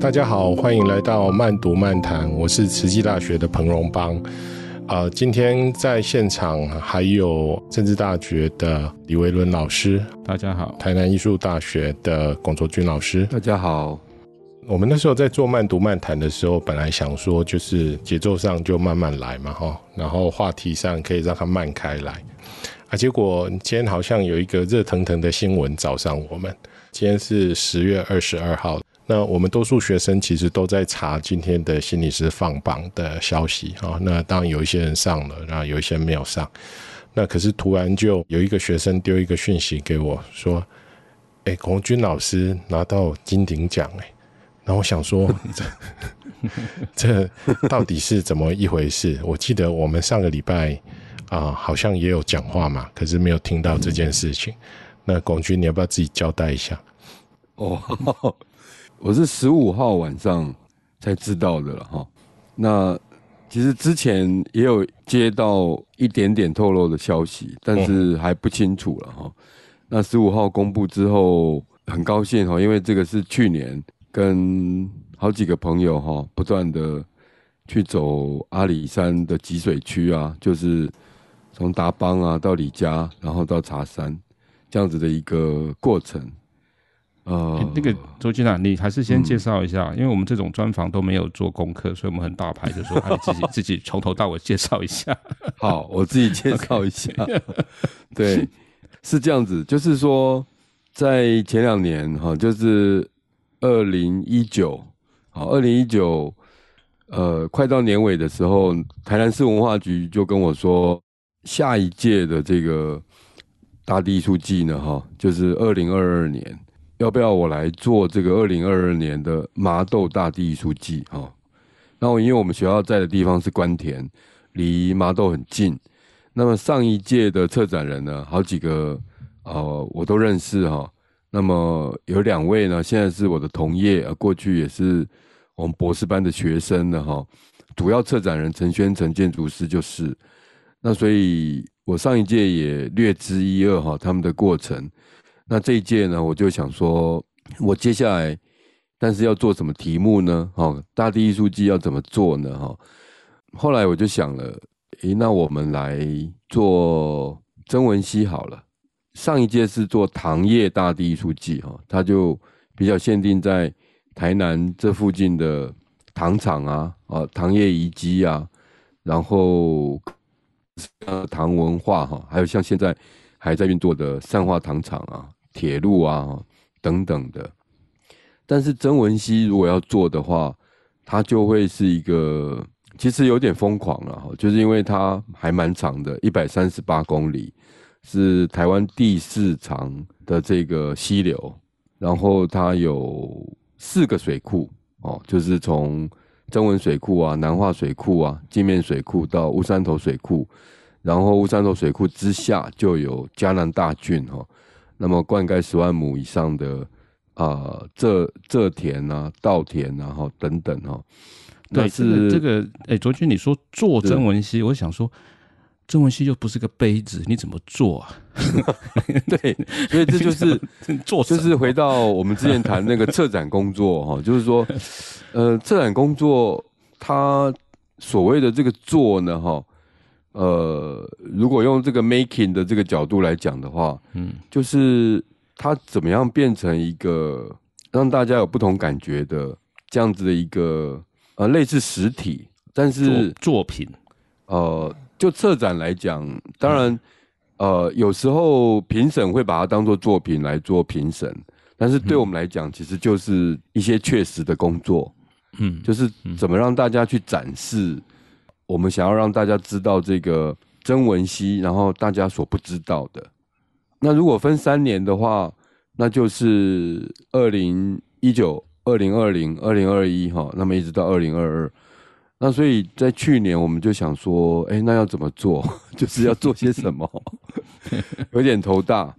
大家好，歡迎來到慢讀漫談，我是慈濟大學的彭榮邦。呃，今天在現場還有政治大學的李維倫老師，大家好；台南藝術大學的龔卓軍老師，大家好。我們那時候在做慢讀慢談的時候，本來想說就是節奏上就慢慢來嘛，哈，然後話題上可以讓它慢開來啊。結果今天好像有一個熱騰騰的新聞找上我們，今天是十月二十二號。那我們多數學生其實都在查今天的心理師放榜的消息啊、哦。那當然有一些人上了，然後有一些人沒有上。那可是突然就有一個學生丟一個訊息給我說：“哎、欸，龔卓軍老師拿到金鼎獎哎。”然後我想說 這，這到底是怎麼一回事？我記得我們上個禮拜啊、呃，好像也有講話嘛，可是沒有聽到這件事情。嗯、那龔卓軍，你要不要自己交代一下？哦。我是十五號晚上才知道的了哈，那其實之前也有接到一點點透露的消息，但是還不清楚了哈、嗯。那十五號公布之後，很高興哈，因為這個是去年跟好幾個朋友哈，不斷的去走阿里山的集水區啊，就是從達邦啊到李家，然後到茶山這樣子的一個過程。呃、欸，那個卓軍、啊，你還是先介紹一下、嗯，因為我們這種專訪都沒有做功課，所以我們很大牌就說 還自己自己從頭到尾介紹一下。 好，我自己介紹一下。Okay. 對，是這樣子，就是說在前兩年哈、哦，就是二零一九，好，二零一九，呃，快到年尾的時候，台南市文化局就跟我說，下一屆的這個大地藝術季呢，哈，就是二零二二年。要不要我來做這個二零二二年的麻豆大地藝術季？然、哦、後因為我們學校在的地方是官田，離麻豆很近。那麼上一屆的策展人呢，好幾個哦、呃，我都認識哈、哦。那麼有兩位呢，現在是我的同業，過去也是我們博士班的學生哈、哦。主要策展人陳宣成建築師就是，那所以我上一屆也略知一二哈、哦，他們的過程。那這一屆呢，我就想說，我接下來，但是要做什麼題目呢？哦、大地藝術季要怎麼做呢？哈、哦，後來我就想了，誒、欸，那我們來做曾文溪好了。上一屆是做糖業大地藝術季，哈、哦，它就比較限定在台南這附近的糖廠啊，啊、哦，糖業遺跡啊，然後糖文化哈、哦，還有像現在。還在運作的善化糖廠啊、鐵路啊等等的，但是曾文溪如果要做的話，它就會是一個其實有點瘋狂了，就是因為它還蠻長的，一百三十八公里，是台灣第四長的這個溪流，然後它有四個水庫哦，就是從曾文水庫啊、南化水庫啊、鏡面水庫到烏山頭水庫。然後烏山頭水庫之下就有嘉南大圳哈，那麼灌溉十萬畝以上的啊，蔗、呃、蔗田啊、稻田啊哈等等哈。對，是等等這個哎，卓軍你說做曾文溪，我想說曾文溪又不是個杯子，你怎麼做啊？ 對，所以這就是 做什麼， 就是回到我們之前談那個策展工作哈， 就是說呃，策展工作它所謂的這個做呢哈。呃，如果用這個 making 的這個角度來講的話，嗯，就是它怎麼樣變成一個讓大家有不同感覺的這樣子的一個呃類似實體，但是作品，呃，就策展來講，當然，嗯，呃，有時候評審會把它當做作品來做評審，但是對我們來講，其實就是一些確實的工作，嗯，就是怎麼讓大家去展示。我們想要讓大家知道這個曾文溪，然後大家所不知道的。那如果分三年的話，那就是二零一九、二零二零、二零二一哈，那麼一直到二零二二。那所以在去年，我們就想說，哎，那要怎麼做？就是要做些什麼？ 有點頭大。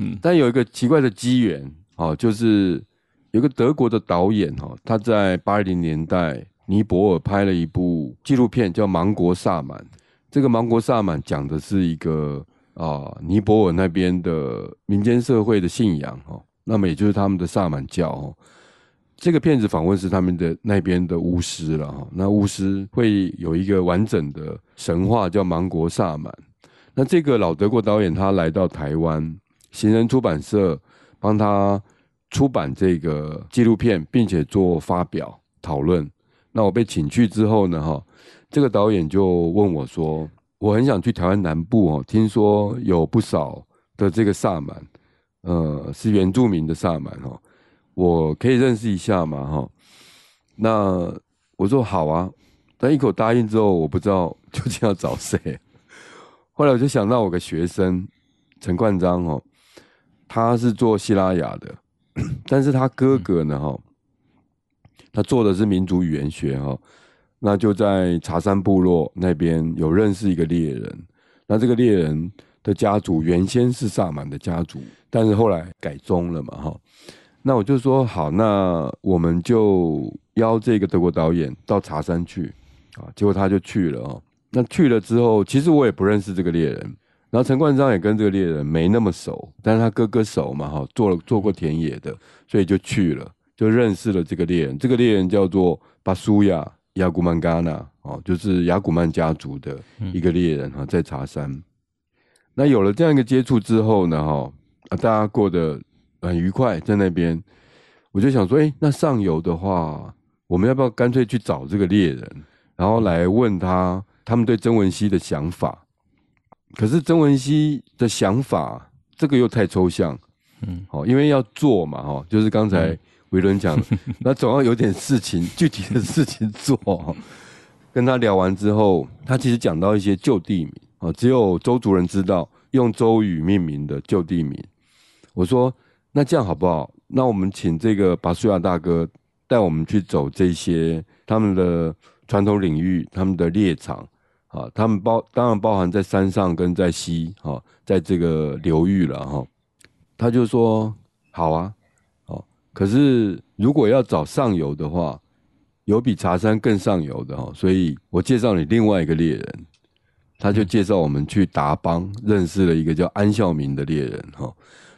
嗯，但有一個奇怪的機緣哦，就是有個德國的導演哈，他在八零年代。尼泊爾拍了一部紀錄片，叫《盲國薩滿》。這個《盲國薩滿》講的是一個啊，尼泊爾那邊的民間社會的信仰哈。那麼也就是他們的薩滿教哈。這個片子訪問是他們的那邊的巫師了哈。那巫師會有一個完整的神話叫《盲國薩滿》。那這個老德國導演他來到台灣，行人出版社幫他出版這個紀錄片，並且做發表討論。那我被請去之後呢，哈，這個導演就問我說：“我很想去台灣南部哦，聽說有不少的這個薩滿，呃，是原住民的薩滿哦，我可以認識一下嗎，哈。”那我說：“好啊。”但一口答應之後，我不知道究竟要找誰。後來我就想到我的學生陳冠章哦，他是做西拉雅的，但是他哥哥呢，哈。他做的是民族語言學哈，那就在茶山部落那邊有認識一個獵人，那這個獵人的家族原先是薩滿的家族，但是後來改宗了嘛哈，那我就說好，那我們就邀這個德國導演到茶山去啊，結果他就去了哦。那去了之後，其實我也不認識這個獵人，然後陳冠章也跟這個獵人沒那麼熟，但是他哥哥熟嘛哈，做了做過田野的，所以就去了。就認識了這個獵人，這個獵人叫做巴蘇亞亞古曼嘎納，哦，就是亞古曼家族的一個獵人哈，在茶山、嗯。那有了這樣一個接觸之後呢，哈，啊，大家過得很愉快，在那邊，我就想說，誒、欸、那上游的話，我們要不要乾脆去找這個獵人，然後來問他他們對曾文溪的想法？可是曾文溪的想法，這個又太抽象，嗯，好，因為要做嘛，哈，就是剛才、嗯。維倫講，那總要有點事情， 具體的事情做。跟他聊完之後，他其實講到一些舊地名，哦，只有鄒族人知道用鄒語命名的舊地名。我說：“那這樣好不好？那我們請這個巴蘇亞大哥帶我們去走這些他們的傳統領域、他們的獵場，啊，他們包當然包含在山上跟在西，哈，在這個流域了，哈。”他就說：“好啊。”可是，如果要找上游的話，有比茶山更上游的哈，所以我介紹你另外一個獵人，他就介紹我們去達邦，認識了一個叫安孝明的獵人哈。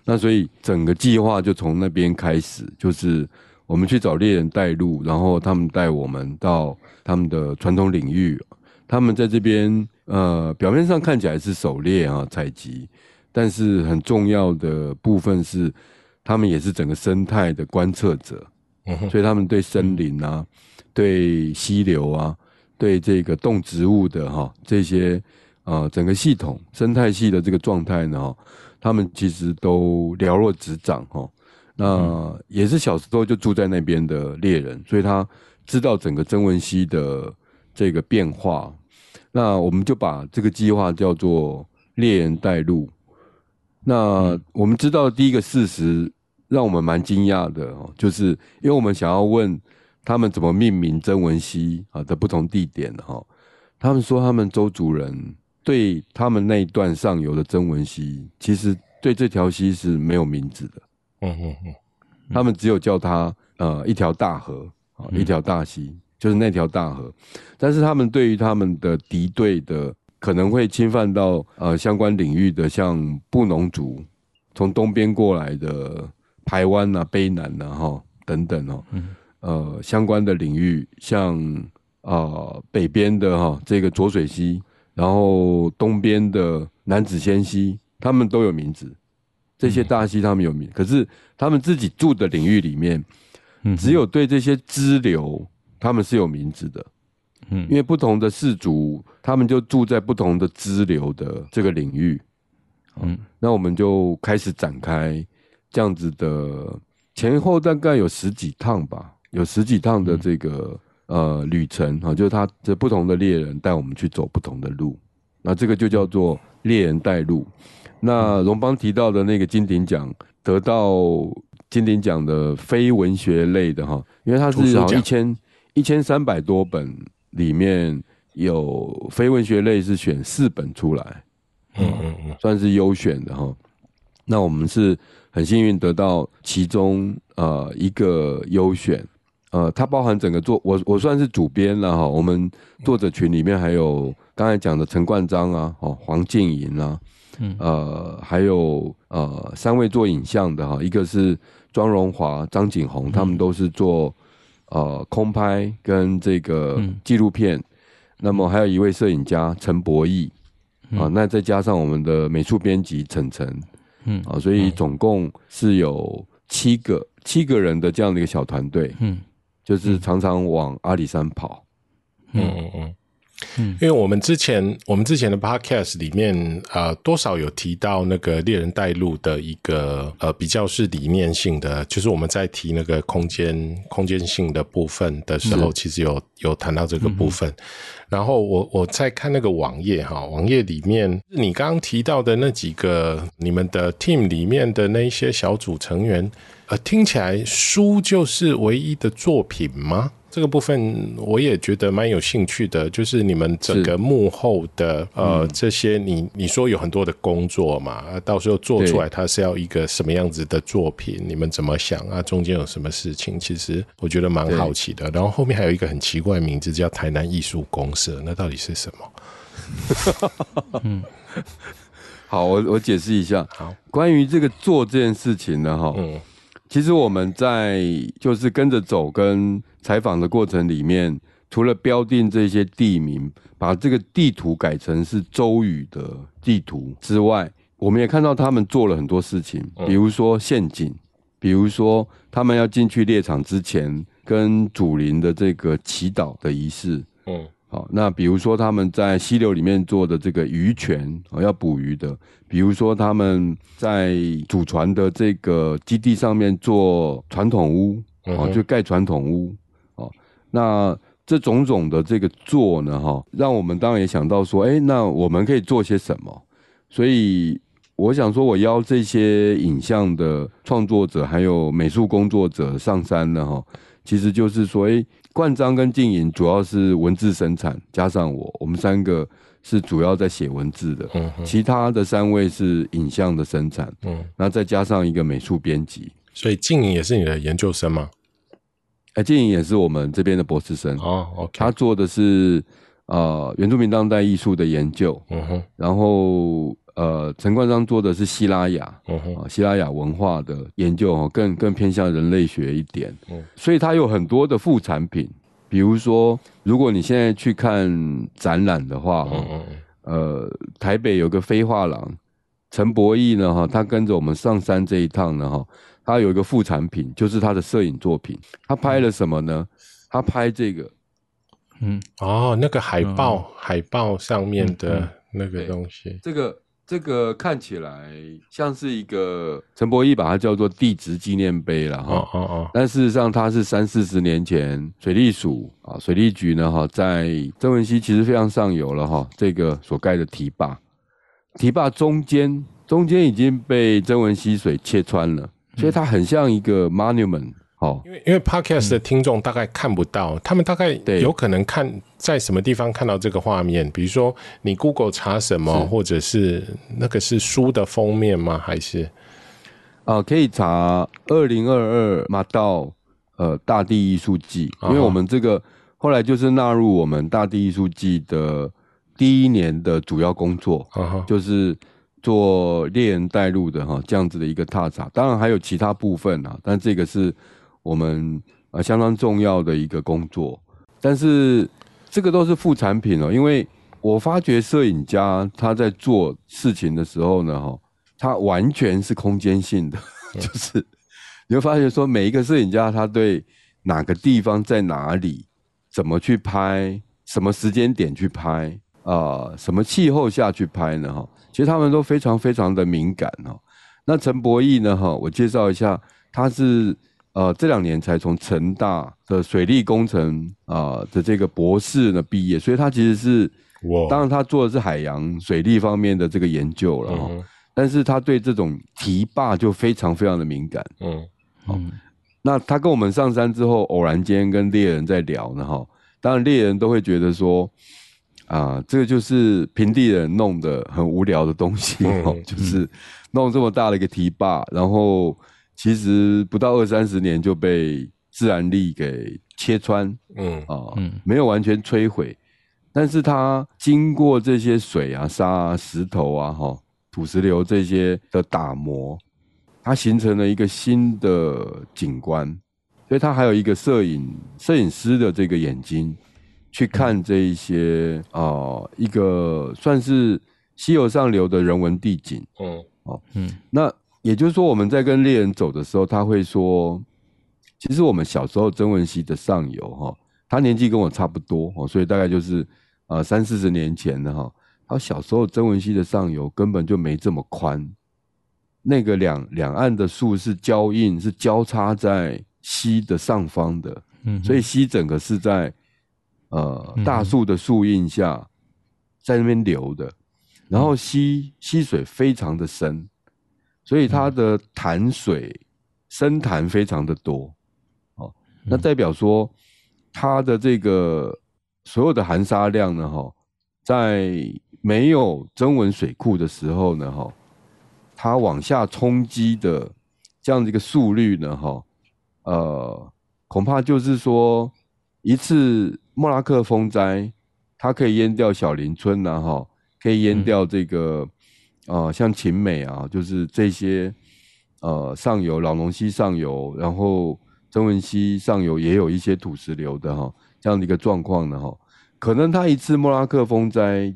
那所以整個計劃就從那邊開始，就是我們去找獵人帶路，然後他們帶我們到他們的傳統領域。他們在這邊，呃，表面上看起來是狩獵啊、採集，但是很重要的部分是。他們也是整個生態的觀測者、嗯，所以他們對森林啊、嗯、對溪流啊、對這個動植物的哈這些啊、呃、整個系統生態系的這個狀態呢，他們其實都了若指掌哈、嗯。那也是小時候就住在那邊的獵人，所以他知道整個曾文溪的這個變化。那我們就把這個計劃叫做獵人帶路。那我們知道第一個事實，讓我們蠻驚訝的哦，就是因為我們想要問他們怎麼命名曾文溪啊的不同地點哈，他們說他們鄒族人對他們那一段上游的曾文溪，其實對這條溪是沒有名字的，嗯嗯嗯，他們只有叫它呃一條大河一條大溪，就是那條大河，嗯，但是他們對於他們的敵對的可能會侵犯到呃相關領域的像布農族從東邊過來的。台灣吶、啊、卑南吶、啊、哈、哦、等等哦、嗯，呃，相關的領域，像啊、呃、北邊的哈、哦、這個濁水溪，然後東邊的楠梓仙溪，他們都有名字。這些大溪他們有名字，嗯，可是他們自己住的領域裡面，只有對這些支流，他們是有名字的。嗯，因為不同的氏族，他們就住在不同的支流的這個領域。哦、嗯，那我們就開始展開。這樣子的前後大概有十幾趟吧，有十幾趟的這個呃旅程哈，就是他這不同的獵人帶我們去走不同的路，那這個就叫做獵人帶路。那榮邦提到的那個金鼎獎，得到金鼎獎的非文學類的哈，因為它是好一千一千三百多本裡面有非文學類是選四本出來，嗯嗯嗯，算是優選的哈。那我們是。很幸運得到其中呃一個優選，呃，它包含整個作我我算是主編了哈，我們作者群裡面還有剛才講的陳冠章啊，哦黃靜瑩啊，呃，還有呃三位做影像的哈，一個是莊榮華、張景宏、嗯，他們都是做呃空拍跟這個紀錄片、嗯，那麼還有一位攝影家陳伯義啊，那再加上我們的美術編輯陳晨。嗯，啊、哦，所以總共是有七個、嗯、七個人的這樣的一個小團隊，嗯，就是常常往阿里山跑，嗯嗯嗯。嗯嗯，因為我們之前我們之前的 podcast 裡面，呃，多少有提到那個獵人帶路的一個呃比較是理念性的，就是我們在提那個空間空間性的部分的時候，其實有有談到這個部分。嗯、然後我我在看那個網頁哈，網頁裡面你剛剛提到的那幾個你們的 team 裡面的那一些小組成員，呃，聽起來書就是唯一的作品嗎？這個部分我也覺得蠻有興趣的，就是你們整個幕後的呃這些你，你你說有很多的工作嘛，到時候做出來它是要一個什麼樣子的作品？你們怎麼想啊？中間有什麼事情？其實我覺得蠻好奇的。然後後面還有一個很奇怪的名字叫台南藝術公社，那到底是什麼？ 嗯，好，我我解釋一下。好，關於這個做這件事情呢，哈、嗯。其實我們在就是跟着走，跟採訪的過程裡面，除了標定這些地名，把這個地圖改成是鄒語的地圖之外，我們也看到他們做了很多事情，比如說陷阱，比如說他們要進去獵場之前跟祖靈的這個祈禱的儀式。好，那比如說他們在溪流裡面做的這個魚泉啊，要捕魚的；比如說他們在祖傳的這個基地上面做傳統屋就蓋傳統屋、嗯、那這種種的這個做呢，哈，讓我們當然也想到說、欸，那我們可以做些什麼？所以我想說，我邀這些影像的創作者還有美術工作者上山呢。哈，其實就是說，欸冠章跟靜影主要是文字生產，加上我，我們三個是主要在寫文字的，其他的三位是影像的生產，嗯，那再加上一個美術編輯，所以靜影也是你的研究生嗎？哎、欸，靜影也是我們這邊的博士生哦，oh, okay. 他做的是呃原住民當代藝術的研究，嗯哼，然後。呃，陳冠彰做的是西拉雅，啊、嗯，西拉雅文化的研究，更更偏向人類學一點，嗯，所以他有很多的副產品，比如說，如果你現在去看展覽的話，嗯嗯，呃，台北有個非畫廊，陳伯義呢，哈，他跟着我們上山這一趟呢，哈，他有一個副產品，就是他的攝影作品，他拍了什麼呢？他拍這個，嗯，哦，那個海報，嗯、海報上面的那個東西，嗯嗯這個。這個看起來像是一個陳伯義把它叫做地質紀念碑了哈，哦哦哦，但事實上它是三四十年前水利署啊，水利局呢哈，在曾文溪其實非常上游了哈，這個所蓋的堤壩，堤壩中間中間已經被曾文溪水切穿了，所以它很像一個 monument。哦，因為因為 Podcast 的聽眾大概看不到、嗯，他們大概有可能看在什麼地方看到這個畫面，比如說你 Google 查什麼，或者是那個是書的封面嗎？還是啊、呃，可以查二零二二 Mattauw 呃大地藝術季，uh -huh. 因為我們這個後來就是納入我們大地藝術季的第一年的主要工作，uh -huh. 就是做獵人帶路的哈這樣子的一個踏查，當然還有其他部分啊，但這個是。我們啊，相當重要的一個工作，但是這個都是副產品哦。因為我發覺攝影家他在做事情的時候呢，哈，他完全是空間性的，就是你會發覺說，每一個攝影家他對哪個地方在哪裡，怎麼去拍，什麼時間點去拍，啊，什麼氣候下去拍呢？哈，其實他們都非常非常的敏感。那陳伯義呢？哈，我介紹一下，他是。呃，這兩年才從成大的水利工程啊、呃、的這個博士呢畢業，所以他其實是，wow. 當然他做的是海洋水利方面的這個研究了、哦 mm -hmm. 但是他對這種堤壩就非常非常的敏感，嗯、mm、嗯 -hmm. 哦，那他跟我們上山之後偶然間跟獵人在聊呢哈、哦，當然獵人都會覺得說，啊、呃，這個就是平地人弄得很無聊的東西、哦 mm -hmm. 就是弄這麼大的一個堤壩，然後。其實不到二三十年就被自然力給切穿，嗯啊、呃嗯，沒有完全摧毀，但是它經過這些水啊、沙啊、石頭啊、吼土石流這些的打磨，它形成了一個新的景觀。所以它還有一個攝影攝影師的這個眼睛去看這一些啊、呃，一個算是溪流上游的人文地景。哦、嗯呃，嗯，呃、那。也就是說，我們在跟獵人走的時候，他會說：“其實我們小時候曾文溪的上游，哈，他年紀跟我差不多，哦，所以大概就是呃三四十年前的哈。他小時候曾文溪的上游根本就沒這麼寬，那個兩兩岸的樹是交印，是交叉在溪的上方的，嗯，所以溪整個是在呃大樹的樹蔭下、嗯、在那邊流的，然後溪溪、嗯、水非常的深。”所以它的潭水深潭非常的多，哦，那代表說它的這個所有的含沙量呢，哈，在沒有曾文水庫的時候呢，哈，它往下衝擊的這樣的一個速率呢，哈，呃，恐怕就是說一次莫拉克風災，它可以淹掉小林村然後，啊，可以淹掉這個。啊、呃，像秦美啊，就是這些，呃，上游荖濃溪上游，然後曾文溪上游也有一些土石流的哈、哦，這樣的一個狀況呢哈、哦，可能他一次莫拉克風災，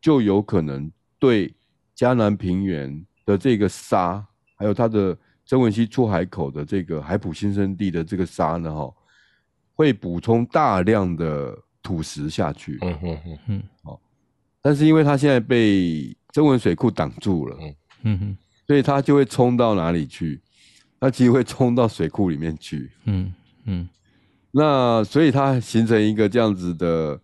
就有可能對嘉南平原的這個沙，還有它的曾文溪出海口的這個海埔新生地的這個沙呢哈、哦，會補充大量的土石下去。嗯哼哼哼，但是因為他現在被曾文水庫擋住了，嗯嗯，所以他就會沖到哪裡去？他其實會沖到水庫裡面去嗯，嗯嗯。那所以它形成一個這樣子的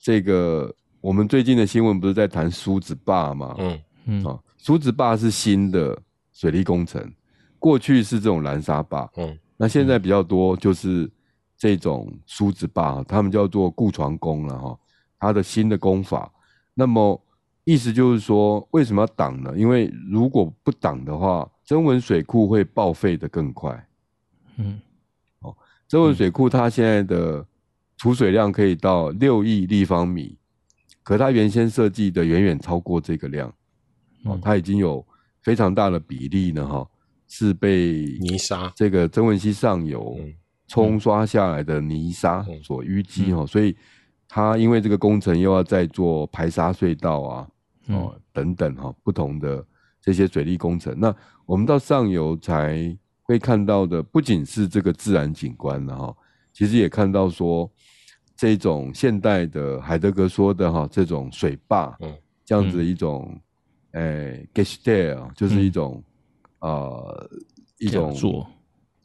這個，我們最近的新聞不是在談梳子壩嗎？嗯嗯。啊、哦，梳子壩是新的水利工程，過去是這種攔沙壩，嗯。那現在比較多就是這種梳子壩，他們叫做固床工了、啊、哈，它的新的工法。那麼意思就是說，為什麼要擋呢？因為如果不擋的話，曾文水庫會報廢得更快。嗯，哦，曾文水庫它現在的儲水量可以到六億立方米，嗯，可它原先設計的遠遠超過這個量。哦，嗯，它已經有非常大的比例呢，哈，哦，是被泥沙這個曾文溪上游沖刷下來的泥沙所淤積哈，嗯嗯哦，所以它因為這個工程又要再做排沙隧道啊。哦，等等哈，不同的這些水利工程，那我們到上游才會看到的，不僅是這個自然景觀了哈，其實也看到說這種現代的海德格說的哈，這種水壩，這樣子一種，哎 Gestell 就是一種、嗯、呃一種亞座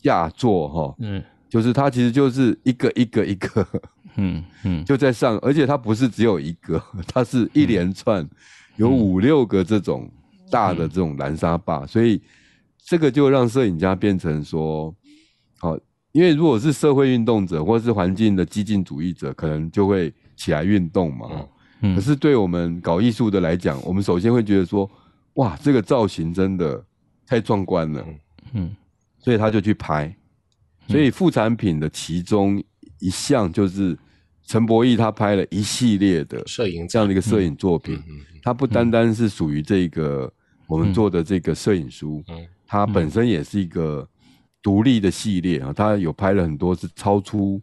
亞座哈，嗯，就是它其實就是一個一個一個 嗯，嗯嗯，就在上，而且它不是只有一個，它是一連串、嗯。有五六個這種大的這種攔沙壩，所以這個就讓攝影家變成說，好，因為如果是社會運動者或是環境的激進主義者，可能就會起來運動嘛。可是對我們搞藝術的來講，我們首先會覺得說，哇，這個造型真的太壯觀了，嗯，所以他就去拍。所以副產品的其中一項就是。陳伯義他拍了一系列的攝影這樣的一個攝影作品影、嗯嗯嗯，他不單單是屬於這個我們做的這個攝影書，它、嗯嗯嗯、本身也是一個獨立的系列啊、嗯嗯。他有拍了很多是超出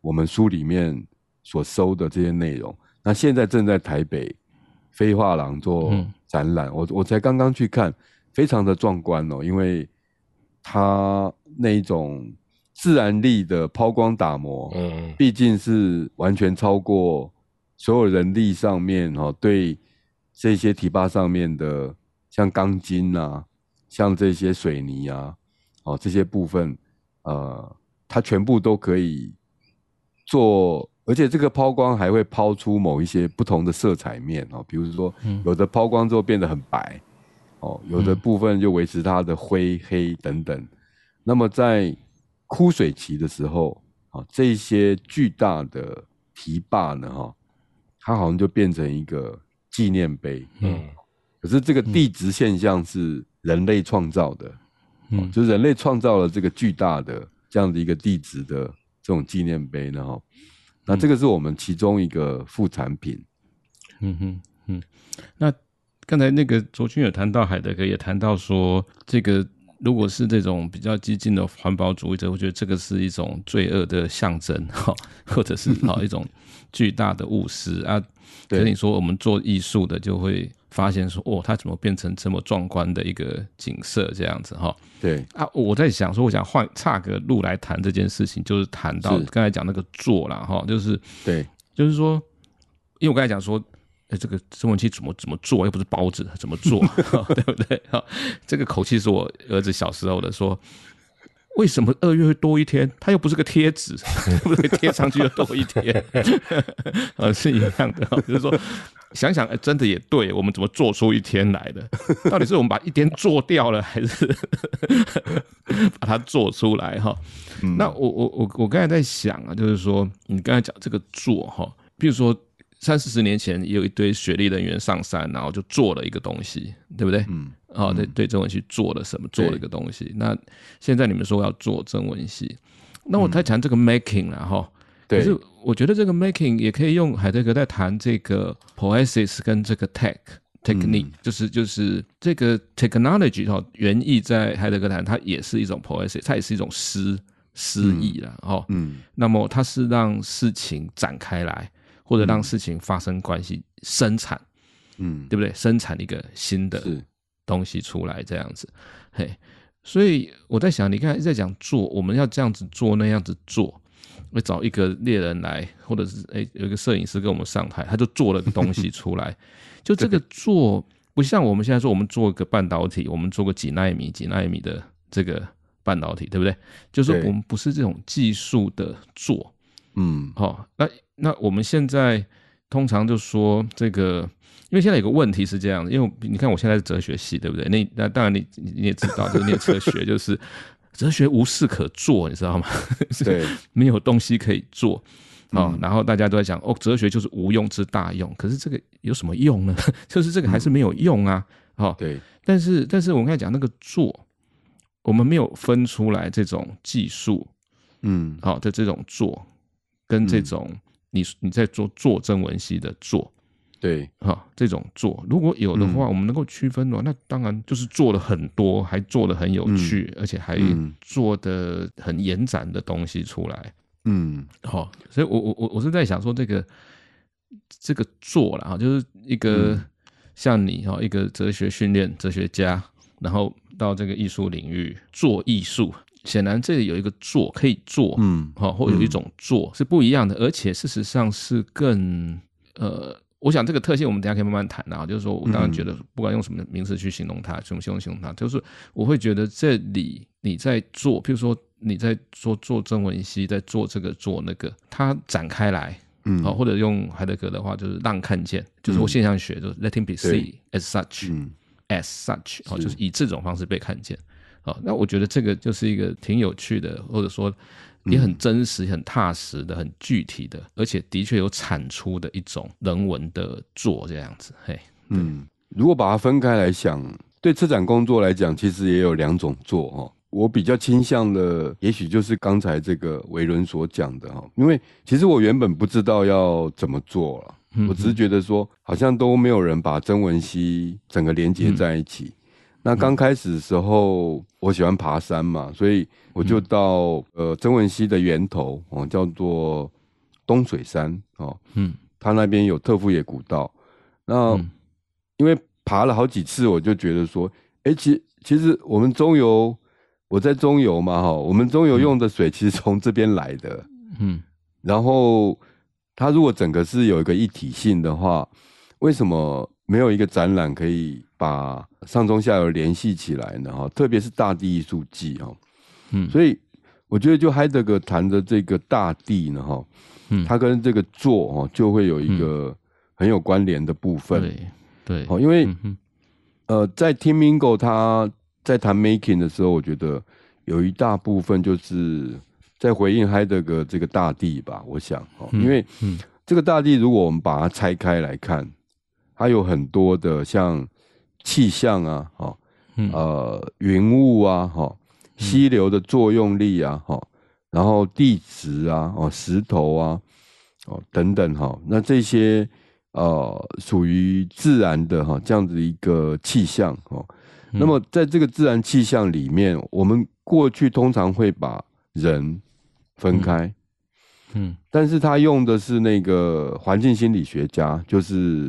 我們書裡面所收的這些內容。那現在正在台北非畫廊做展覽，我、嗯、我才剛剛去看，非常的壯觀哦，因為他那一種。自然力的拋光打磨，嗯，嗯，畢竟是完全超過所有人力上面哦。對這些堤壩上面的，像鋼筋啊，像這些水泥啊，哦，這些部分，呃，它全部都可以做。而且這個拋光還會拋出某一些不同的色彩面哦，比如說，有的拋光之後變得很白，哦，有的部分就維持它的灰黑等等。嗯嗯，那麼在枯水期的時候，啊，這些巨大的堤壩呢，哈，它好像就變成一個紀念碑。嗯，可是這個地質現象是人類創造的，嗯，就是人類創造了這個巨大的這樣的一個地質的這種紀念碑，嗯，那這個是我們其中一個副產品。嗯哼嗯，嗯，那剛才那個卓君有談到海德格，也談到說這個。如果是這種比較激進的環保主義者，我覺得這個是一種罪惡的象徵哈，或者是某一種巨大的物失 啊。所以你說我們做藝術的就會發現說，哦，它怎麼變成這麼壯觀的一個景色這樣子哈？對啊，我在想說，我想換岔個路來談這件事情，就是談到剛才講那個做了哈，就是對，就是說，因為我剛才講說。這個曾文溪怎麼怎麼做？又不是包子怎麼做？對不對？ 這個口氣是我兒子小時候的說。為什麼二月會多一天？它又不是個貼紙，是是貼上去又多一天， 是一樣的。就是說，想想，真的也對。我們怎麼做出一天來的？到底是我們把一天做掉了，還是 把它做出來？哈、嗯，那我我我我剛才在想啊，就是說，你剛才講這個做哈，比如說。三四十年前，也有一堆學歷人員上山，然後就做了一個東西，對不對？嗯。啊、嗯，對，對，曾文溪做了什麼，做了一個東西。那現在你們說要做曾文溪，那我太講這個 making 了哈。對、嗯。可是我覺得這個 making 也可以用海德格在談這個 poesis 跟這個 tech technique，、嗯、就是就是這個 technology 哈，原意在海德格談，它也是一種 poesis，它也是一種詩詩意了哈、嗯。嗯。那麼它是讓事情展開來。或者讓事情發生關係、嗯、生產，嗯，對不對？生產一個新的東西出來這樣子，嘿、嗯，所以我在想，你看在講做，我們要這樣子做那樣子做，會找一個獵人來，或者是哎、欸、有一個攝影師跟我們上台，他就做了個東西出來。 就這個做不像我們現在說，我們做個半導體，我們做個幾奈米幾奈米的這個半導體，對不對？就是我們不是這種技術的做。嗯、哦，好，那那我們現在通常就說這個，因為現在有個問題是這樣，因為你看我現在是哲學系，對不對？那那當然你，你你也知道，就是、念哲學就是哲學無事可做，你知道嗎？對， 沒有東西可以做啊。哦嗯、然後大家都在想，哦，哲學就是無用之大用，可是這個有什麼用呢？就是這個還是沒有用啊。好、哦嗯，對，但是但是我剛才講那個做，我們沒有分出來這種技術，嗯、哦，好的這種做。跟這種你在、嗯、你在做做曾文溪的做，對哈、哦、這種做，如果有的話，我們能夠區分的、啊、話，嗯、那當然就是做了很多，還做得很有趣，嗯、而且還做得很延展的東西出來，嗯、哦，好，所以我我我我是在想說這個這個做了哈，就是一個像你哈，一個哲學訓練哲學家，然後到這個藝術領域做藝術。顯然這裡有一個做可以做，嗯，好、哦，或有一種做、嗯、是不一樣的，而且事實上是更，呃，我想這個特性我們等下可以慢慢談啊。就是說我當然覺得不管用什麼名詞去形容它，怎麼形容形容它，就是我會覺得這裡你在做，譬如說你在做做曾文溪，在做這個做那個，它展開來，嗯，好、哦，或者用海德格的話就是讓看見，嗯、就是我現象學就是 letting be seen as such、嗯、as such，哦，就是以這種方式被看見。那我覺得這個就是一個挺有趣的，或者說你很真實、很踏實的、很具體的，而且的確有產出的一種人文的做這樣子。嘿，嗯，如果把它分開來想，對策展工作來講，其實也有兩種做哦，我比較傾向的，也許就是剛才這個維倫所講的哈，因為其實我原本不知道要怎麼做了，我只是覺得說好像都沒有人把曾文溪整個連接在一起。嗯那剛開始的時候、嗯，我喜歡爬山嘛，所以我就到、嗯、呃曾文溪的源頭、哦、叫做東水山哦，嗯，它那邊有特富野古道。那、嗯、因為爬了好幾次，我就覺得說，哎、欸，其實其實我們中游，我在中游嘛哈，我們中游用的水其實從這邊來的，嗯，然後它如果整個是有一個一體性的話，為什麼？沒有一個展覽可以把上中下游聯繫起來的哈，特別是大地藝術季哈，嗯，所以我覺得就海德格談的這個大地呢哈，嗯，它跟這個做哈就會有一個很有關聯的部分，嗯、對，對，因為、嗯、呃，在 Timingo 他在談 making 的時候，我覺得有一大部分就是在回應海德格這個大地吧，我想哈、嗯，因為這個大地如果我們把它拆開來看。它有很多的像氣象啊，哈，呃，雲霧啊，哈，溪流的作用力啊，哈，然後地質啊，哦，石頭啊，哦，等等，哈，那這些呃，屬於自然的哈，這樣子一個氣象，哈，那麼在這個自然氣象裡面，我們過去通常會把人分開，嗯，但是他用的是那個環境心理學家，就是。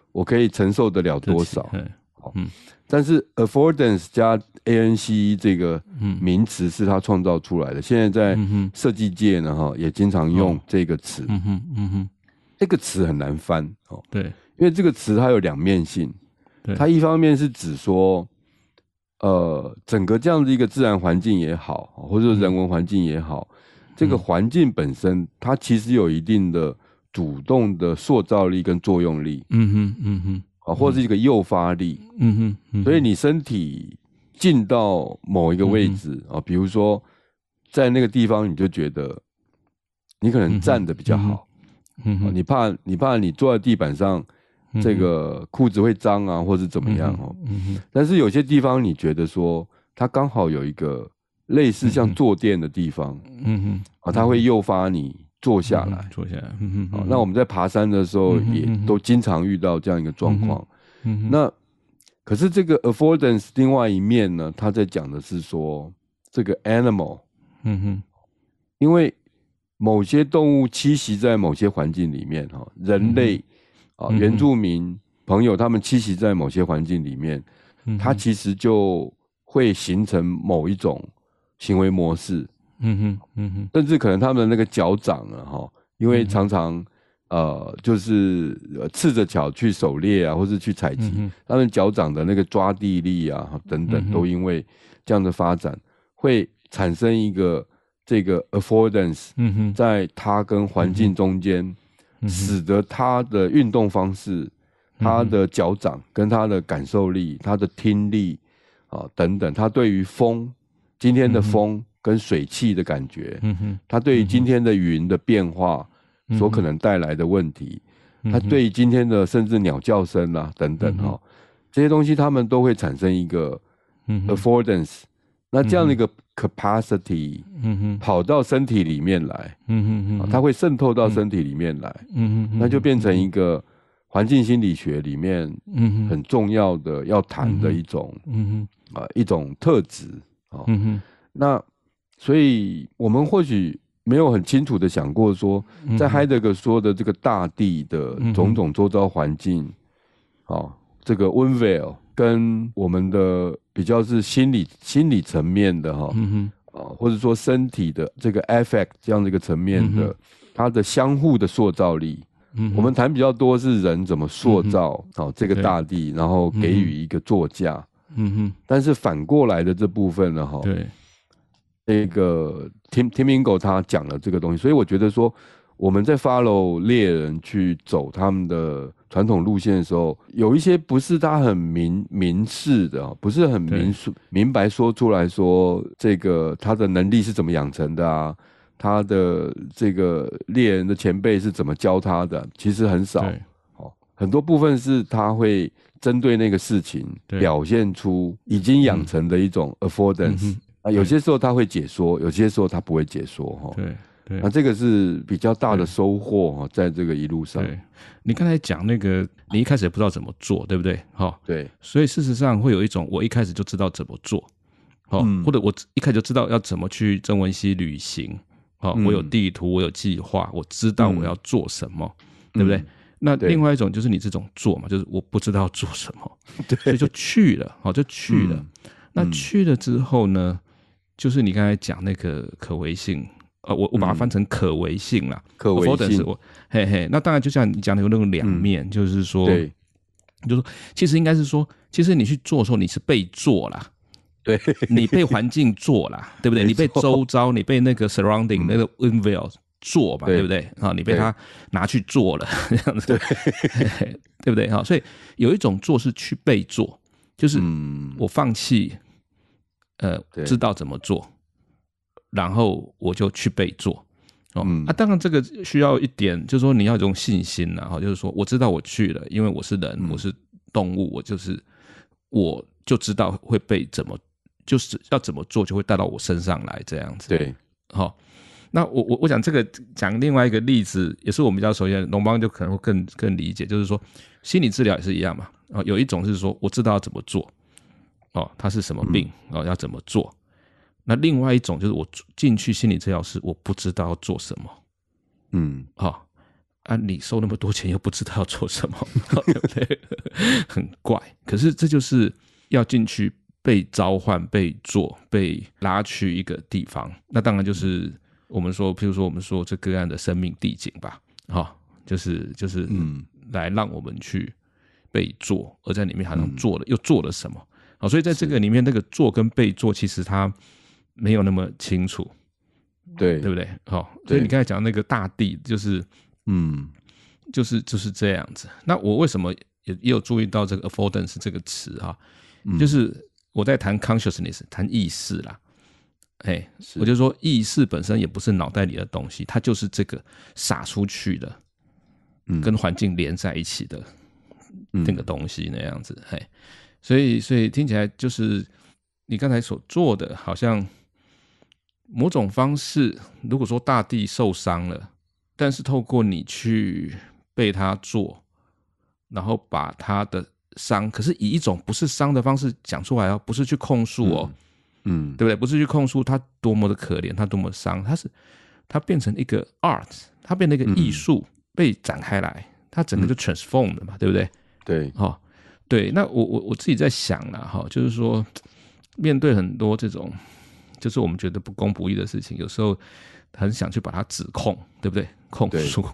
我可以承受得了多少？好、嗯，但是 affordance 加 ance 這個名詞是他創造出來的、嗯。現在在設計界呢，哈、嗯，也經常用這個詞。嗯哼，嗯哼，這個詞很難翻。哦、嗯，對、嗯嗯，因為這個詞它有兩面性。對，它一方面是指說，呃，整個這樣的一個自然環境也好，或者說人文環境也好、嗯，這個環境本身它其實有一定的。主動的塑造力跟作用力，嗯哼，嗯哼，啊，或者是一個誘發力，嗯哼，嗯哼，所以你身體進到某一個位置、嗯、啊，比如說在那個地方，你就覺得你可能站得比較好，嗯，嗯，嗯、啊、你怕你怕你坐在地板上，這個褲子會髒啊，或者怎麼樣哦、嗯，嗯哼，但是有些地方你覺得說，它剛好有一個類似像坐墊的地方，嗯哼，嗯哼，嗯哼啊，它會誘發你。坐下來，嗯哼，坐下來，嗯哼。好，那我們在爬山的時候，也都經常遇到這樣一個狀況，嗯哼。那可是這個 affordance 另外一面呢，他在講的是說，這個 animal，嗯哼，因為某些動物棲息在某些環境裡面哈，人類啊、嗯，原住民、嗯、朋友他們棲息在某些環境裡面，它其實就會形成某一種行為模式。嗯哼，嗯哼，甚至可能他們的那個腳掌啊，哈，因為常常，嗯、呃，就是赤着腳去狩獵啊，或者去採集、嗯，他們腳掌的那個抓地力啊，等等、嗯，都因為這樣的發展，會產生一個這個 affordance，在它跟環境中間、嗯，使得它的運動方式、它、嗯、的腳掌跟它的感受力、它的聽力啊、呃、等等，它對於風，今天的風。嗯跟水汽的感覺，嗯哼，它對於今天的雲的變化，所可能帶來的問題，它、嗯、對於今天的甚至鳥叫聲啊等等哈、嗯，這些東西，它們都會產生一個嗯，嗯，affordance，那這樣的一個 capacity，嗯哼，跑到身體裡面來，嗯哼哼，它會滲透到身體裡面來，嗯哼，那就變成一個環境心理學裡面，嗯哼，很重要的要談的一種，嗯哼，啊，一種特質，啊、嗯嗯，嗯哼，那。所以，我們或許沒有很清楚的想過，說在海德格說的這個大地的種種周遭環境，啊，這個溫菲跟我們的比較是心理心理層面的哈，啊，或者說身體的這個 affect 這樣的一個層面的，它的相互的塑造力，我們談比較多是人怎麼塑造啊這個大地，然後給予一個座架，但是反過來的這部分呢，哈。對。那、這個 Tim Ingold 他講了這個東西，所以我覺得說我們在 follow 獵人去走他們的傳統路線的時候，有一些不是他很明明示的，哦，不是很明說明白說出來說這個他的能力是怎麼養成的啊，他的這個獵人的前輩是怎麼教他的，其實很少。哦，很多部分是他會針對那個事情表現出已經養成的一種 affordance。嗯嗯啊，有些時候他會解說，有些時候他不會解說，哈。對對，那這個是比較大的收穫在這個一路上。對，你剛才講那個，你一開始也不知道怎麼做，對不對？哈，對。所以事實上會有一種，我一開始就知道怎麼做，或者我一開始就知道要怎麼去曾文溪旅行，我有地圖，我有計劃，我知道我要做什麼對，對不對？那另外一種就是你這種做嘛，就是我不知道做什麼，對，所以就去了，好，就去了。那去了之後呢？就是你剛才講那個可為性、呃我，我把它翻成可為性了。可為性我 forders, 我，嘿嘿。那當然，就像你講的有那種兩面、嗯，就是說，對，你就是說其實應該是說，其實你去做的時候，你是被做了，對，你被環境做了，對不對？你被周遭，你被那個 surrounding、嗯、那個 environment 做吧，對，對不對？啊，你被他拿去做了這樣子，對，對, 對不對？啊，所以有一種做是去被做，就是我放棄、嗯。呃，知道怎麼做，然後我就去被做，哦、嗯，啊，當然這個需要一點，就是說你要有一種信心、啊，然、哦、後就是說我知道我去了，因為我是人，嗯、我是動物，我就是我就知道會被怎麼，就是要怎麼做就會帶到我身上來這樣子，對，好、哦，那我我我想這個講另外一個例子，也是我們比較熟悉的榮邦就可能會更更理解，就是說心理治療也是一樣嘛，哦、有一種是說我知道要怎麼做。哦，他是什麼病、嗯？哦，要怎麼做？那另外一種就是我進去心理治療師，我不知道要做什麼。嗯，好、哦、啊，你收那麼多錢又不知道要做什麼，哦、對不對？不 很怪。可是這就是要進去被召喚、被做、被拉去一個地方。那當然就是我們說，嗯、譬如說我們說這個案的生命地景吧。好、哦，就是就是嗯，來讓我們去被做，嗯、而在裡面還能做了、嗯、又做了什麼？所以在這個裡面，那個做跟被做，其實它沒有那麼清楚，對，對不對？好、oh，所以你剛才講那個大地，就是嗯，就是就是這樣子。那我為什麼也，也有注意到這個 affordance 這個詞哈、啊嗯，就是我在談 consciousness，談意識啦。哎、欸，我就說意識本身也不是腦袋裡的東西，它就是這個撒出去的，嗯，跟環境連在一起的那、嗯這個東西那樣子，欸所以，所以聽起來就是你剛才所做的，好像某種方式。如果說大地受傷了，但是透過你去被他做，然後把他的傷，可是以一種不是傷的方式講出來哦，不是去控訴哦、喔嗯，嗯，對不對？不是去控訴他多麼的可憐，他多麼的傷，他是他變成一個 art，他變成一個藝術、嗯、被展開來，他整個就 transform 的嘛、嗯，對不對？對，好、哦。對，那我我我自己在想了哈，就是說，面對很多這種，就是我們覺得不公不義的事情，有時候很想去把它指控，對不對？控訴。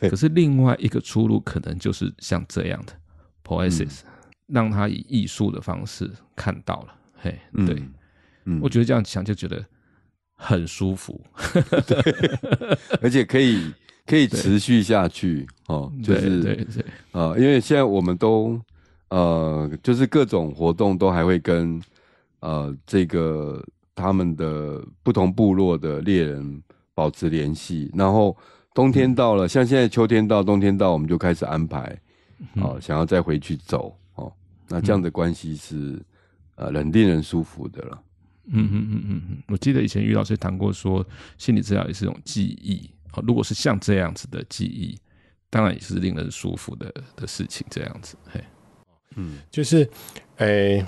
可是另外一個出路，可能就是像這樣的 poesis，嗯，讓它以藝術的方式看到了。嗯，嘿，對，嗯，我覺得這樣想就覺得很舒服， 對，而且可以可以持續下去，對，哦，就是啊，哦，因為現在我們都。呃，就是各種活動都還會跟，呃，這個他們的不同部落的獵人保持聯繫。然後冬天到了，像現在秋天到，冬天到，我們就開始安排，哦、呃，想要再回去走哦、呃。那這樣的關係是、嗯、呃，很令人舒服的了。嗯哼嗯嗯嗯嗯，我記得以前於老師談過，說心理治療也是一種記憶、哦。如果是像這樣子的記憶，當然也是令人舒服的的事情。這樣子，嘿。嗯，就是，誒、欸，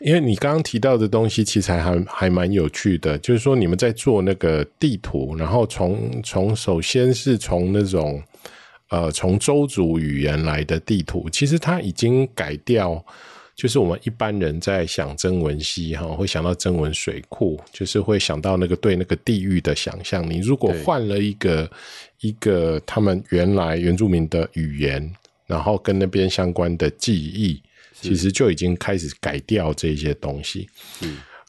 因為你剛剛提到的東西，其實還還蠻有趣的。就是說，你們在做那個地圖，然後從從首先是從那種呃從鄒族語言來的地圖，其實它已經改掉。就是我們一般人在想曾文溪哈，會想到曾文水庫，就是會想到那個對那個地域的想象。你如果換了一個一個他們原來原住民的語言，然後跟那邊相關的記憶，其實就已經開始改掉這些東西。是，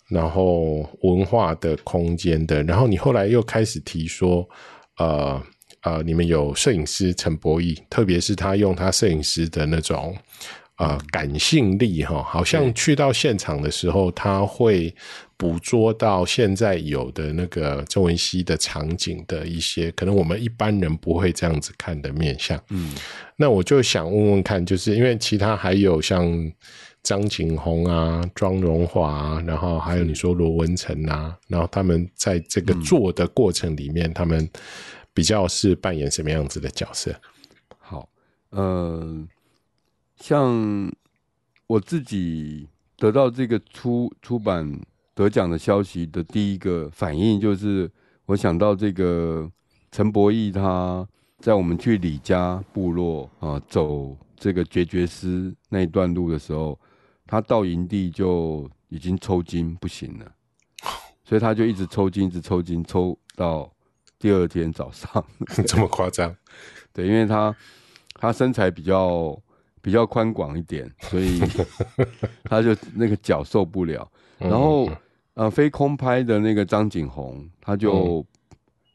然後文化的空間的，然後你後來又開始提說，呃呃，你們有攝影師陳伯義，特別是他用他攝影師的那種。啊、呃，感性力哈，好像去到現場的時候、嗯，他會捕捉到現在有的那個曾文溪的場景的一些，可能我們一般人不會這樣子看的面相。嗯，那我就想問問看，就是因為其他還有像張景宏啊、莊榮華，然後還有你說羅文成吶、啊嗯，然後他們在這個做的過程裡面，他們比較是扮演什麼樣子的角色？嗯、好，嗯。像我自己得到這個出出版得獎的消息的第一個反應，就是我想到這個陳伯義他在我們去李家部落啊走這個絕絕師那一段路的時候，他到營地就已經抽筋不行了，所以他就一直抽筋，一直抽筋，抽到第二天早上，這麼誇張？ 對，因為他他身材比較。比較寬廣一點，所以他就那個腳受不了。 然後，呃，飛空拍的那個張景紅，他就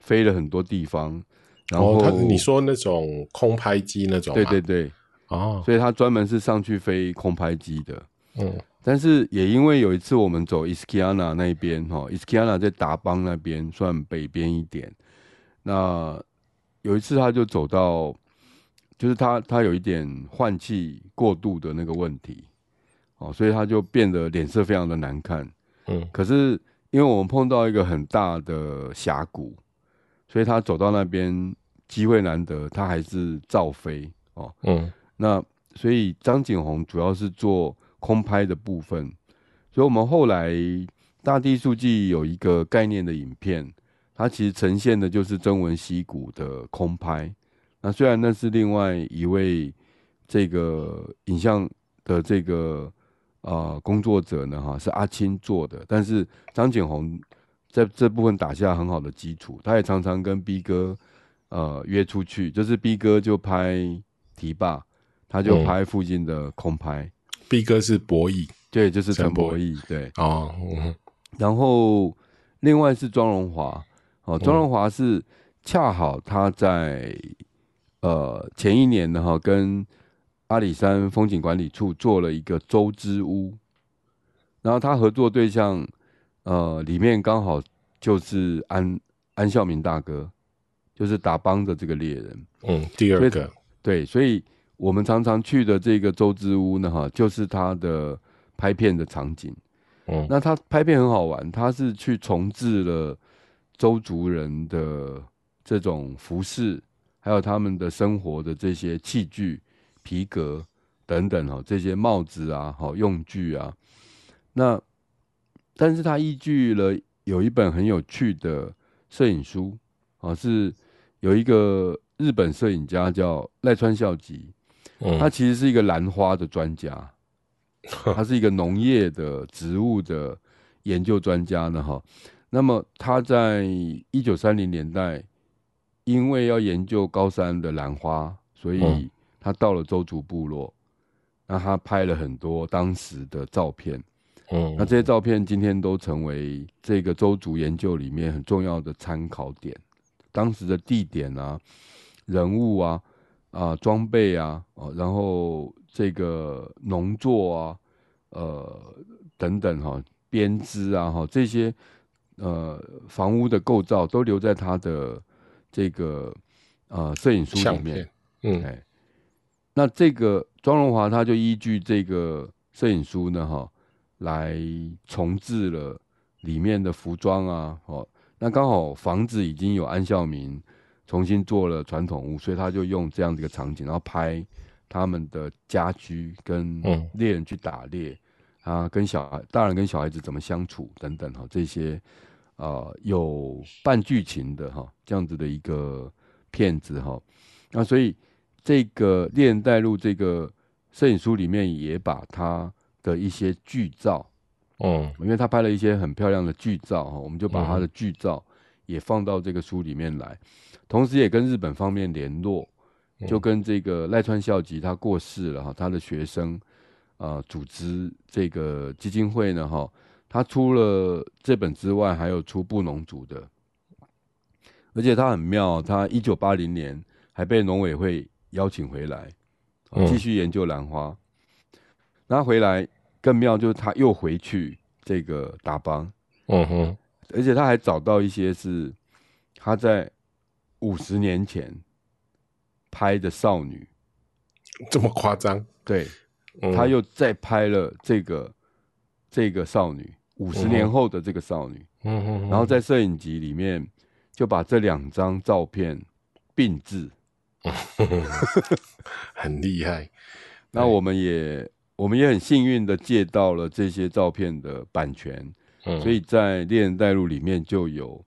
飛了很多地方。嗯、然後、哦、他你說那種空拍機那種？對對對，哦、所以他專門是上去飛空拍機的、嗯。但是也因為有一次我們走伊斯基亞納那一邊哈，伊斯基亞納在達邦那邊算北邊一點。那有一次他就走到。就是他，他有一點換氣過度的那個問題，哦，所以他就變得臉色非常的難看。嗯，可是因為我們碰到一個很大的峽谷，所以他走到那邊機會難得，他還是照飛哦。嗯，那所以張景紅主要是做空拍的部分，所以我們後來大地數據有一個概念的影片，它其實呈現的就是曾文溪谷的空拍。那、啊、雖然那是另外一位這個影像的這個啊、呃、工作者呢哈、啊，是阿青做的，但是張景宏在這部分打下很好的基礎。他也常常跟 B 哥呃約出去，就是 B 哥就拍堤壩，他就拍附近的空拍，嗯。B 哥是伯義，對，就是陳伯，伯義，對。哦，嗯嗯。然後另外是莊榮華，哦、啊，莊榮華是恰好他在、嗯。呃，前一年呢，哈，跟阿里山風景管理處做了一個鄒之屋，然後他合作對象，呃，裡面剛好就是安安孝明大哥，就是達邦的這個獵人，嗯，第二個，對，所以我們常常去的這個鄒之屋呢，哈，就是他的拍片的場景，哦、嗯，那他拍片很好玩，他是去重製了鄒族人的這種服飾。還有他們的生活的這些器具、皮革等等哦，這些帽子啊、哈用具啊。那，但是他依據了有一本很有趣的攝影書啊，是有一個日本攝影家叫瀨川孝吉、嗯，他其實是一個蘭花的專家，他是一個農業的植物的研究專家呢哈。那麼他在一九三零年代，因為要研究高山的蘭花，所以他到了鄒族部落，嗯，那他拍了很多當時的照片，嗯，啊、那這些照片今天都成為這個鄒族研究裡面很重要的參考點。當時的地點啊，人物啊，啊，裝備啊，啊，然後這個農作啊，呃，等等哈，編織啊，哈，這些呃房屋的構造都留在他的。這個呃，攝影書裡面，嗯、哎，那這個莊榮華他就依據這個攝影書呢、哦，哈，來重製了裡面的服裝啊，哦，那剛好房子已經有安孝明重新做了傳統屋，所以他就用這樣的一個場景，然後拍他們的家居跟獵人去打獵、嗯、啊，跟小孩、大人跟小孩子怎麼相處等等、哦，哈，這些。啊、呃，有半劇情的哈，這樣子的一個片子哈，那所以這個《獵人帶路》這個攝影書裡面也把他的一些劇照，哦、嗯，因為他拍了一些很漂亮的劇照哈，我們就把他的劇照也放到這個書裡面來，嗯、同時也跟日本方面聯絡，就跟這個賴川孝吉他過世了哈，他的學生啊、呃，組織這個基金會呢哈。他出了這本之外，還有出布農族的，而且他很妙，他一九八零年還被農委會邀請回來，繼、嗯、續研究蘭花。那回來更妙，就是他又回去這個達邦，嗯哼，而且他還找到一些是他在五十年前拍的少女，這麼誇張？對，他又再拍了這個、嗯、這個少女。五十年後的這個少女，嗯哼，然後在攝影集裡面就把這兩張照片並置， 很厲害、嗯。那我們也我們也很幸運的借到了這些照片的版權，嗯、所以在獵人帶路裡面就有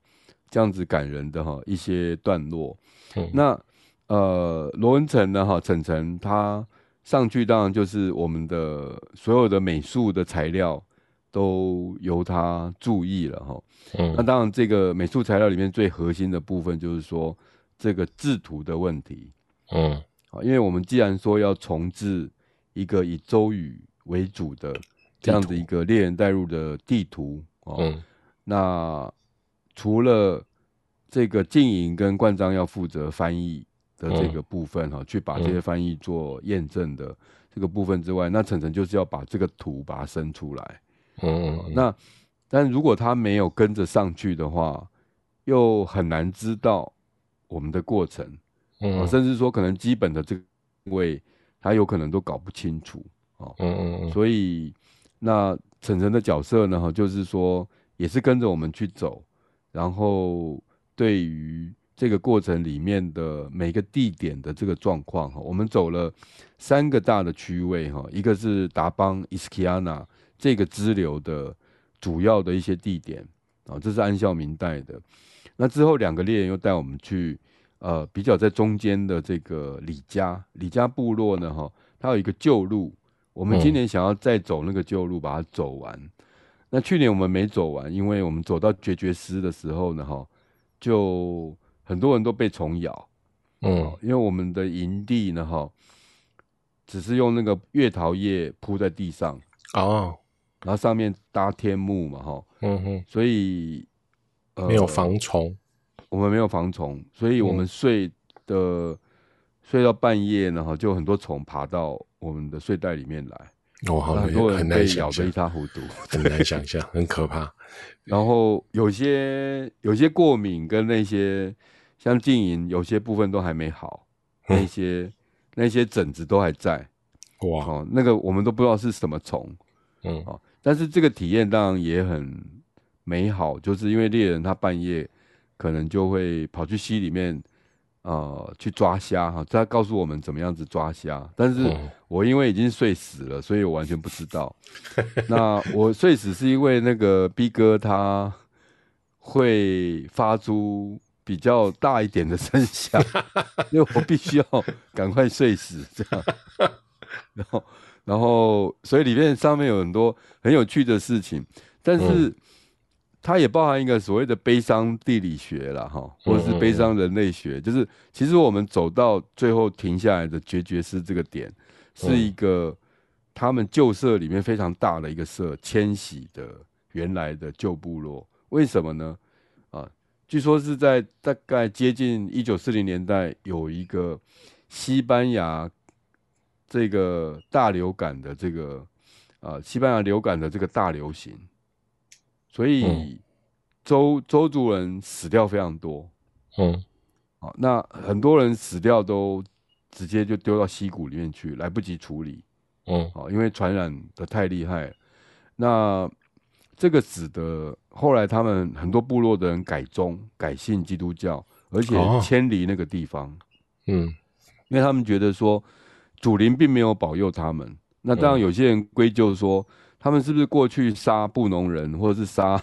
這樣子感人的哈一些段落。嗯、那呃，羅文成呢哈，成成他上去當然就是我們的所有的美術的材料。都由他注意了哈、嗯。那當然，這個美術材料裡面，最核心的部分就是說，這個製圖的問題。嗯，啊，因為我們既然說要重置一個以周語為主的這樣的一個獵人帶路的地圖，地圖哦、嗯，那除了這個靜影跟冠章要負責翻譯的這個部分哈，去把這些翻譯做驗證的這個部分之外，嗯嗯、那晨晨，就是要把這個圖把它生出來。嗯，嗯，嗯，那但如果他沒有跟着上去的話，又很難知道我們的過程，嗯嗯嗯啊、甚至說可能基本的這個位他有可能都搞不清楚，哦、啊嗯嗯嗯，所以那晨晨的角色呢，哈，就是說也是跟着我們去走，然後對於這個過程裡面的每個地點的這個狀況，哈，我們走了三個大的區位，哈，一個是達邦伊斯基亞娜。這個支流的主要的一些地點啊，這是安孝明帶的。那之後兩個獵人又帶我們去，呃，比較在中間的這個李家李家部落呢，哈，它有一個舊路，我們今年想要再走那個舊路把它走完。嗯。那去年我們沒走完，因為我們走到絕絕師的時候呢，哈，就很多人都被蟲咬，嗯。因為我們的營地呢，哈，只是用那個月桃葉鋪在地上，哦。然後上面搭天幕嘛，哈，嗯嗯，所以沒有防蟲、呃，我們沒有防蟲，所以我們睡的、嗯、睡到半夜呢，然後就很多蟲爬到我們的睡袋裡面來，哦，好，很多人被咬得一塌糊塗，很難想象， 很可怕。然後有些有些過敏跟那些像靜音，有些部分都還沒好，嗯、那些那些疹子都還在，哇、哦，那個我們都不知道是什麼蟲，嗯，哦、嗯。但是這個體驗當然也很美好，就是因為獵人他半夜可能就會跑去溪裡面，呃，去抓蝦哈。他告訴我們怎麼樣子抓蝦，但是我因為已經睡死了，所以我完全不知道。嗯。那我睡死是因為那個 B 哥他會發出比較大一點的聲響，因為我必須要趕快睡死這樣，然後。然後，所以裡面上面有很多很有趣的事情，但是它也包含一個所謂的悲傷地理學了哈，或者是悲傷人類學，嗯嗯嗯嗯，就是其實我們走到最後停下來的決絕是這個點，是一個他們舊社裡面非常大的一個社遷徙的原來的舊部落，為什麼呢？啊，據說是在大概接近一九四零年代有一個西班牙。這個大流感的這個、呃，西班牙流感的這個大流行，所以週週、嗯、族人死掉非常多，嗯、哦，那很多人死掉都直接就丟到溪谷裡面去，來不及處理，嗯，好、哦，因為傳染的太厲害，那這個使得後來他們很多部落的人改宗改信基督教，而且遷離那個地方、啊，嗯，因為他們覺得說。祖靈並沒有保佑他們，那這樣有些人歸咎說、嗯，他們是不是過去殺布農人，或者是殺，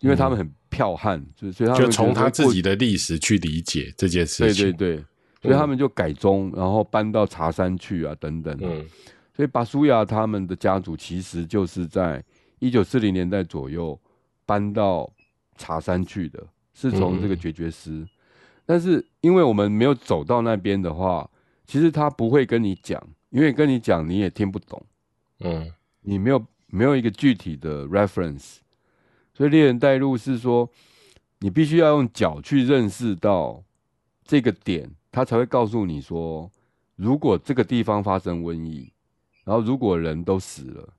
因為他們很剽悍，嗯、就所以他們他就從他自己的歷史去理解這件事情。對對對，所以他們就改宗，嗯、然後搬到茶山去啊，等等、啊。嗯，所以巴蘇亞他們的家族其實就是在一九四零年代左右搬到茶山去的，是從這個絕絕師、嗯。但是因為我們沒有走到那邊的話。其實他不會跟你講，因為跟你講你也聽不懂。嗯，你沒有沒有一個具體的 reference，所以獵人帶路是說，你必須要用腳去認識到這個點，他才會告訴你說，如果這個地方發生瘟疫，然後如果人都死了，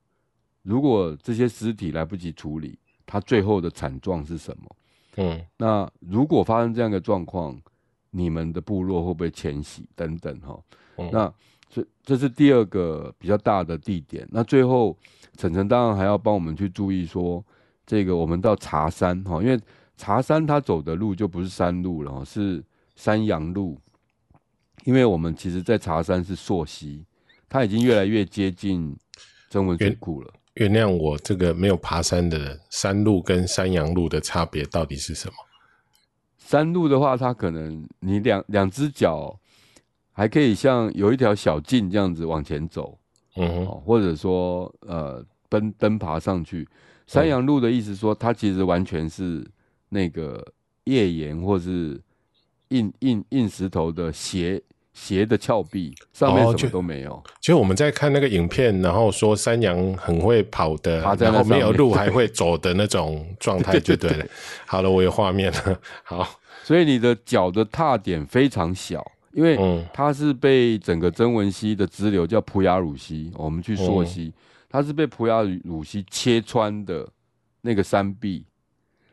如果這些屍體來不及處理，他最後的慘狀是什麼？嗯，那如果發生這樣的狀況。你們的部落會不會遷徙等等哈、嗯？那這這是第二個比較大的地點。那最後，陳晨當然還要幫我們去注意說，這個我們到茶山哈，因為茶山它走的路就不是山路了，是山羊路。因為我們其實，在茶山是溯溪，它已經越來越接近曾文水庫了。原諒我這個沒有爬山的人，山路跟山羊路的差別到底是什麼？山路的話，它可能你兩兩隻腳還可以像有一條小徑這樣子往前走，哦、嗯，或者說呃，奔登爬上去。山羊路的意思說，它其實完全是那個頁岩或是硬硬硬石頭的斜，斜的峭壁上面什麼都沒有。其、哦、實我們在看那個影片，然後說山羊很會跑的，然後沒有路還會走的那種狀態就對了。對對對對對。好了，我有畫面了。好，所以你的腳的踏點非常小，因為它是被整個曾文溪的支流叫普雅魯溪，我們去溯溪，它、嗯、是被普雅魯溪切穿的那個山壁。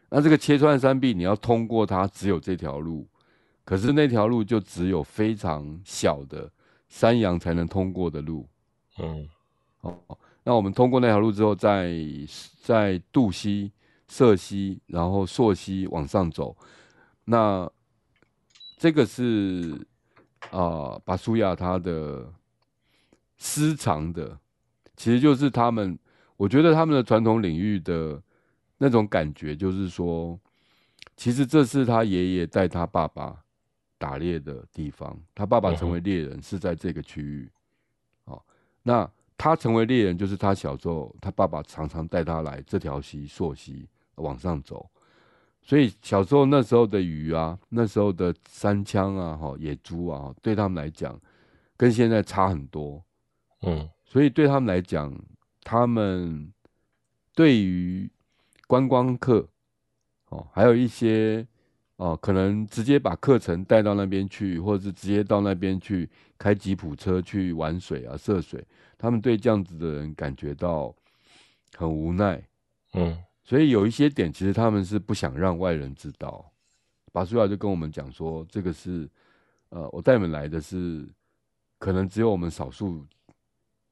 那這個切穿的山壁，你要通過它，只有這條路。可是那條路就只有非常小的山羊才能通過的路，嗯，哦，那我們通過那條路之後再，在在渡溪、涉溪，然後溯溪往上走，那這個是啊、呃，巴蘇亞他的私藏的，其實就是他們，我覺得他們的傳統領域的那種感覺，就是說，其實這是他爺爺帶他爸爸。打獵的地方，他爸爸成為獵人、嗯、是在這個區域，哦，那他成為獵人就是他小時候，他爸爸常常帶他來這條溪，溯溪往上走，所以小時候那時候的魚啊，那時候的山羌啊，哈野豬啊，對他們來講跟現在差很多，嗯，所以對他們來講，他們對於觀光客，哦，還有一些。哦、呃，可能直接把課程帶到那邊去，或者是直接到那邊去開吉普車去玩水啊，涉水。他們對這樣子的人感覺到很無奈，嗯，所以有一些點其實他們是不想讓外人知道。巴蘇亞就跟我們講說，這個是，呃，我帶你們來的是，可能只有我們少數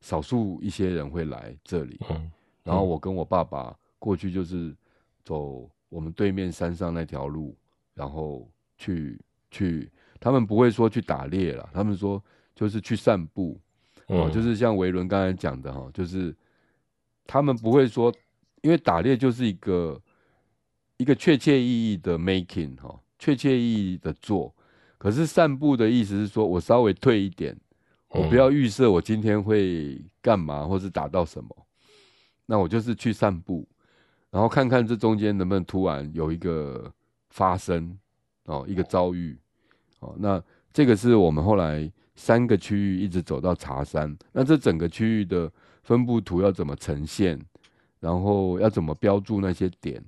少數一些人會來這裡嗯。嗯，然後我跟我爸爸過去就是走我們對面山上那條路。然後去去，他們不會說去打獵啦，他們說就是去散步、嗯，哦，就是像維倫剛才講的哈、哦，就是他們不會說，因為打獵就是一個一個確切意義的 making 哈、哦，確切意義的做。可是散步的意思是說，我稍微退一點，我不要預設我今天會幹嘛，或是打到什麼、嗯，那我就是去散步，然後看看這中間能不能突然有一個。發生，哦，一個遭遇，哦，那這個是我們後來三個區域一直走到茶山，那這整個區域的分布圖要怎麼呈現？然後要怎麼標注那些點？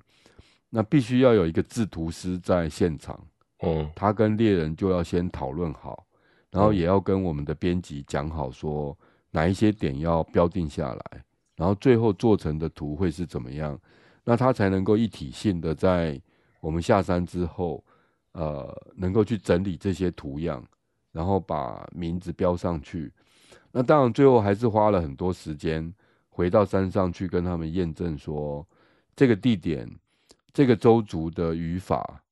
那必須要有一個製圖師在現場，哦、嗯，他跟獵人就要先討論好，然後也要跟我們的編輯講好，說哪一些點要標定下來，然後最後做成的圖會是怎麼樣？那他才能夠一體性的在。我們下山之後，呃，能夠去整理這些圖樣，然後把名字標上去。那當然，最後還是花了很多時間回到山上去跟他們驗證，說這個地點、這個鄒族的語法，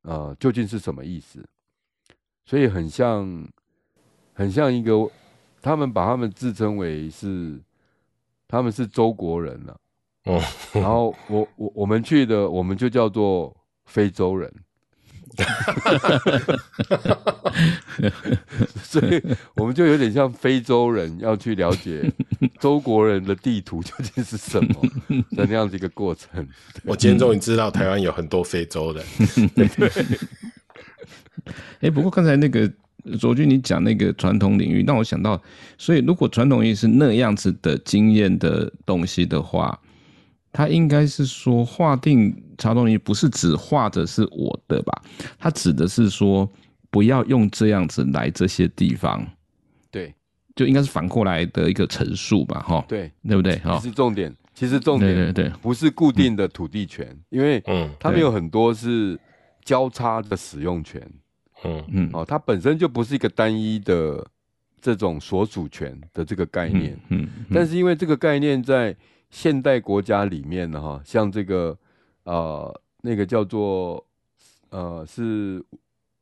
呃，究竟是什麼意思？所以很像，很像一個，他們把他們自稱為是，他們是鄒國人了，啊嗯。然後我我我們去的，我們就叫做。非洲人 所以我們就有點像非洲人要去了解中 國人的地圖究竟是什麼，那樣子一個過程。 我今天終於知道台灣有很多非洲人 對 對、欸。不過剛才那個卓軍，你講那個傳統領域，讓我想到，所以如果傳統領域是那樣子的經驗的東西的話。他應該是說劃定超東地，不是只劃着是我的吧？他指的是說，不要用這樣子來這些地方，對，就應該是反過來的一個陳述吧，哈。對，對不對？哈，是重點。其實重點，對不是固定的土地權，對對對對嗯，因為嗯，他們有很多是交叉的使用權，嗯嗯，哦，它本身就不是一個單一的這種所屬權的這個概念嗯嗯，嗯，但是因為這個概念在。現代國家裡面呢，哈，像這個，呃，那個叫做，呃，是，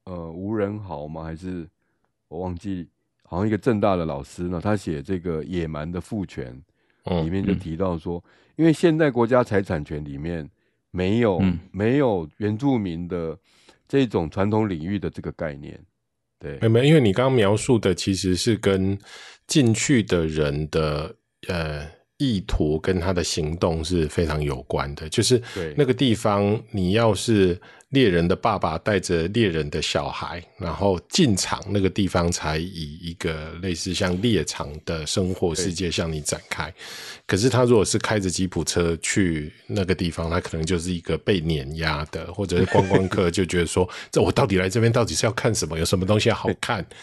呃，吳仁豪嗎？還是我忘記？好像一個政大的老師呢，他寫這個《野蠻的父權》，裡面就提到說，嗯、因為現代國家財產權裡面沒有、嗯、沒有原住民的這種傳統領域的這個概念，對，沒沒，因為你剛剛描述的其實是跟進去的人的，呃。意圖跟他的行動是非常有關的，就是那個地方，你要是獵人的爸爸帶着獵人的小孩，然後進場，那個地方才以一個類似像獵場的生活世界向你展開。可是他如果是開着吉普車去那個地方，他可能就是一個被碾壓的，或者是觀光客就覺得說， 這我到底來這邊到底是要看什麼？有什麼東西要好看？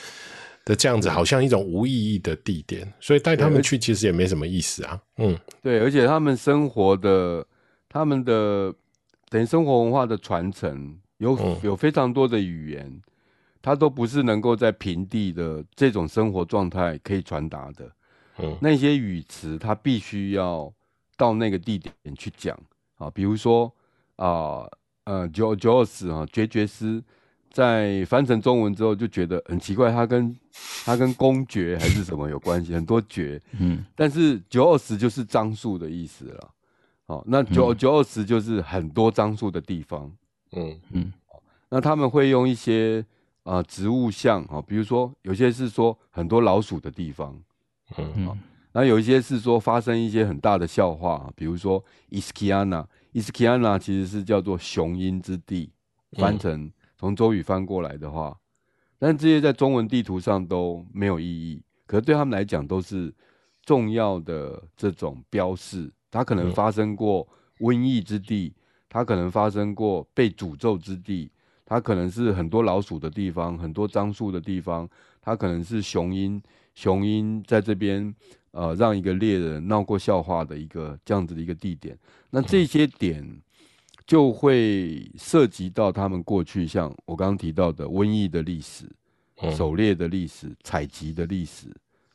的這樣子好像一種無意義的地點，所以帶他們去其實也沒什麼意思啊。嗯，對，而且他們生活的、他們的等於生活文化的傳承，有有非常多的語言，嗯、它都不是能夠在平地的這種生活狀態可以傳達的。嗯，那些語詞，他必須要到那個地點去講啊，比如說、呃呃、9, 920, 啊，呃，josjos 啊，絕絕斯。在翻成中文之後，就覺得很奇怪，它跟它跟公爵還是什麼有關係， 很多爵。嗯，但是九二十就是樟樹的意思了。哦，那九九二十就是很多樟樹的地方。嗯嗯，那他們會用一些呃植物像啊，哦，比如說有些是說很多老鼠的地方。嗯嗯，嗯，那有一些是說發生一些很大的笑話，比如說 Iskiana，Iskiana 其實是叫做雄鷹之地，翻成。從鄒語翻過來的話，但這些在中文地圖上都沒有意義，可是對他們來講都是重要的這種標示。它，可能發生過瘟疫之地，它可能發生過被詛咒之地，它可能是很多老鼠的地方，很多樟樹的地方，它可能是雄鷹雄鷹在這邊呃讓一個獵人鬧過笑話的一個這樣子的一個地點。那這些點就會涉及到他們過去像我剛剛提到的瘟疫的歷史、嗯、狩獵的歷史、採集的歷史，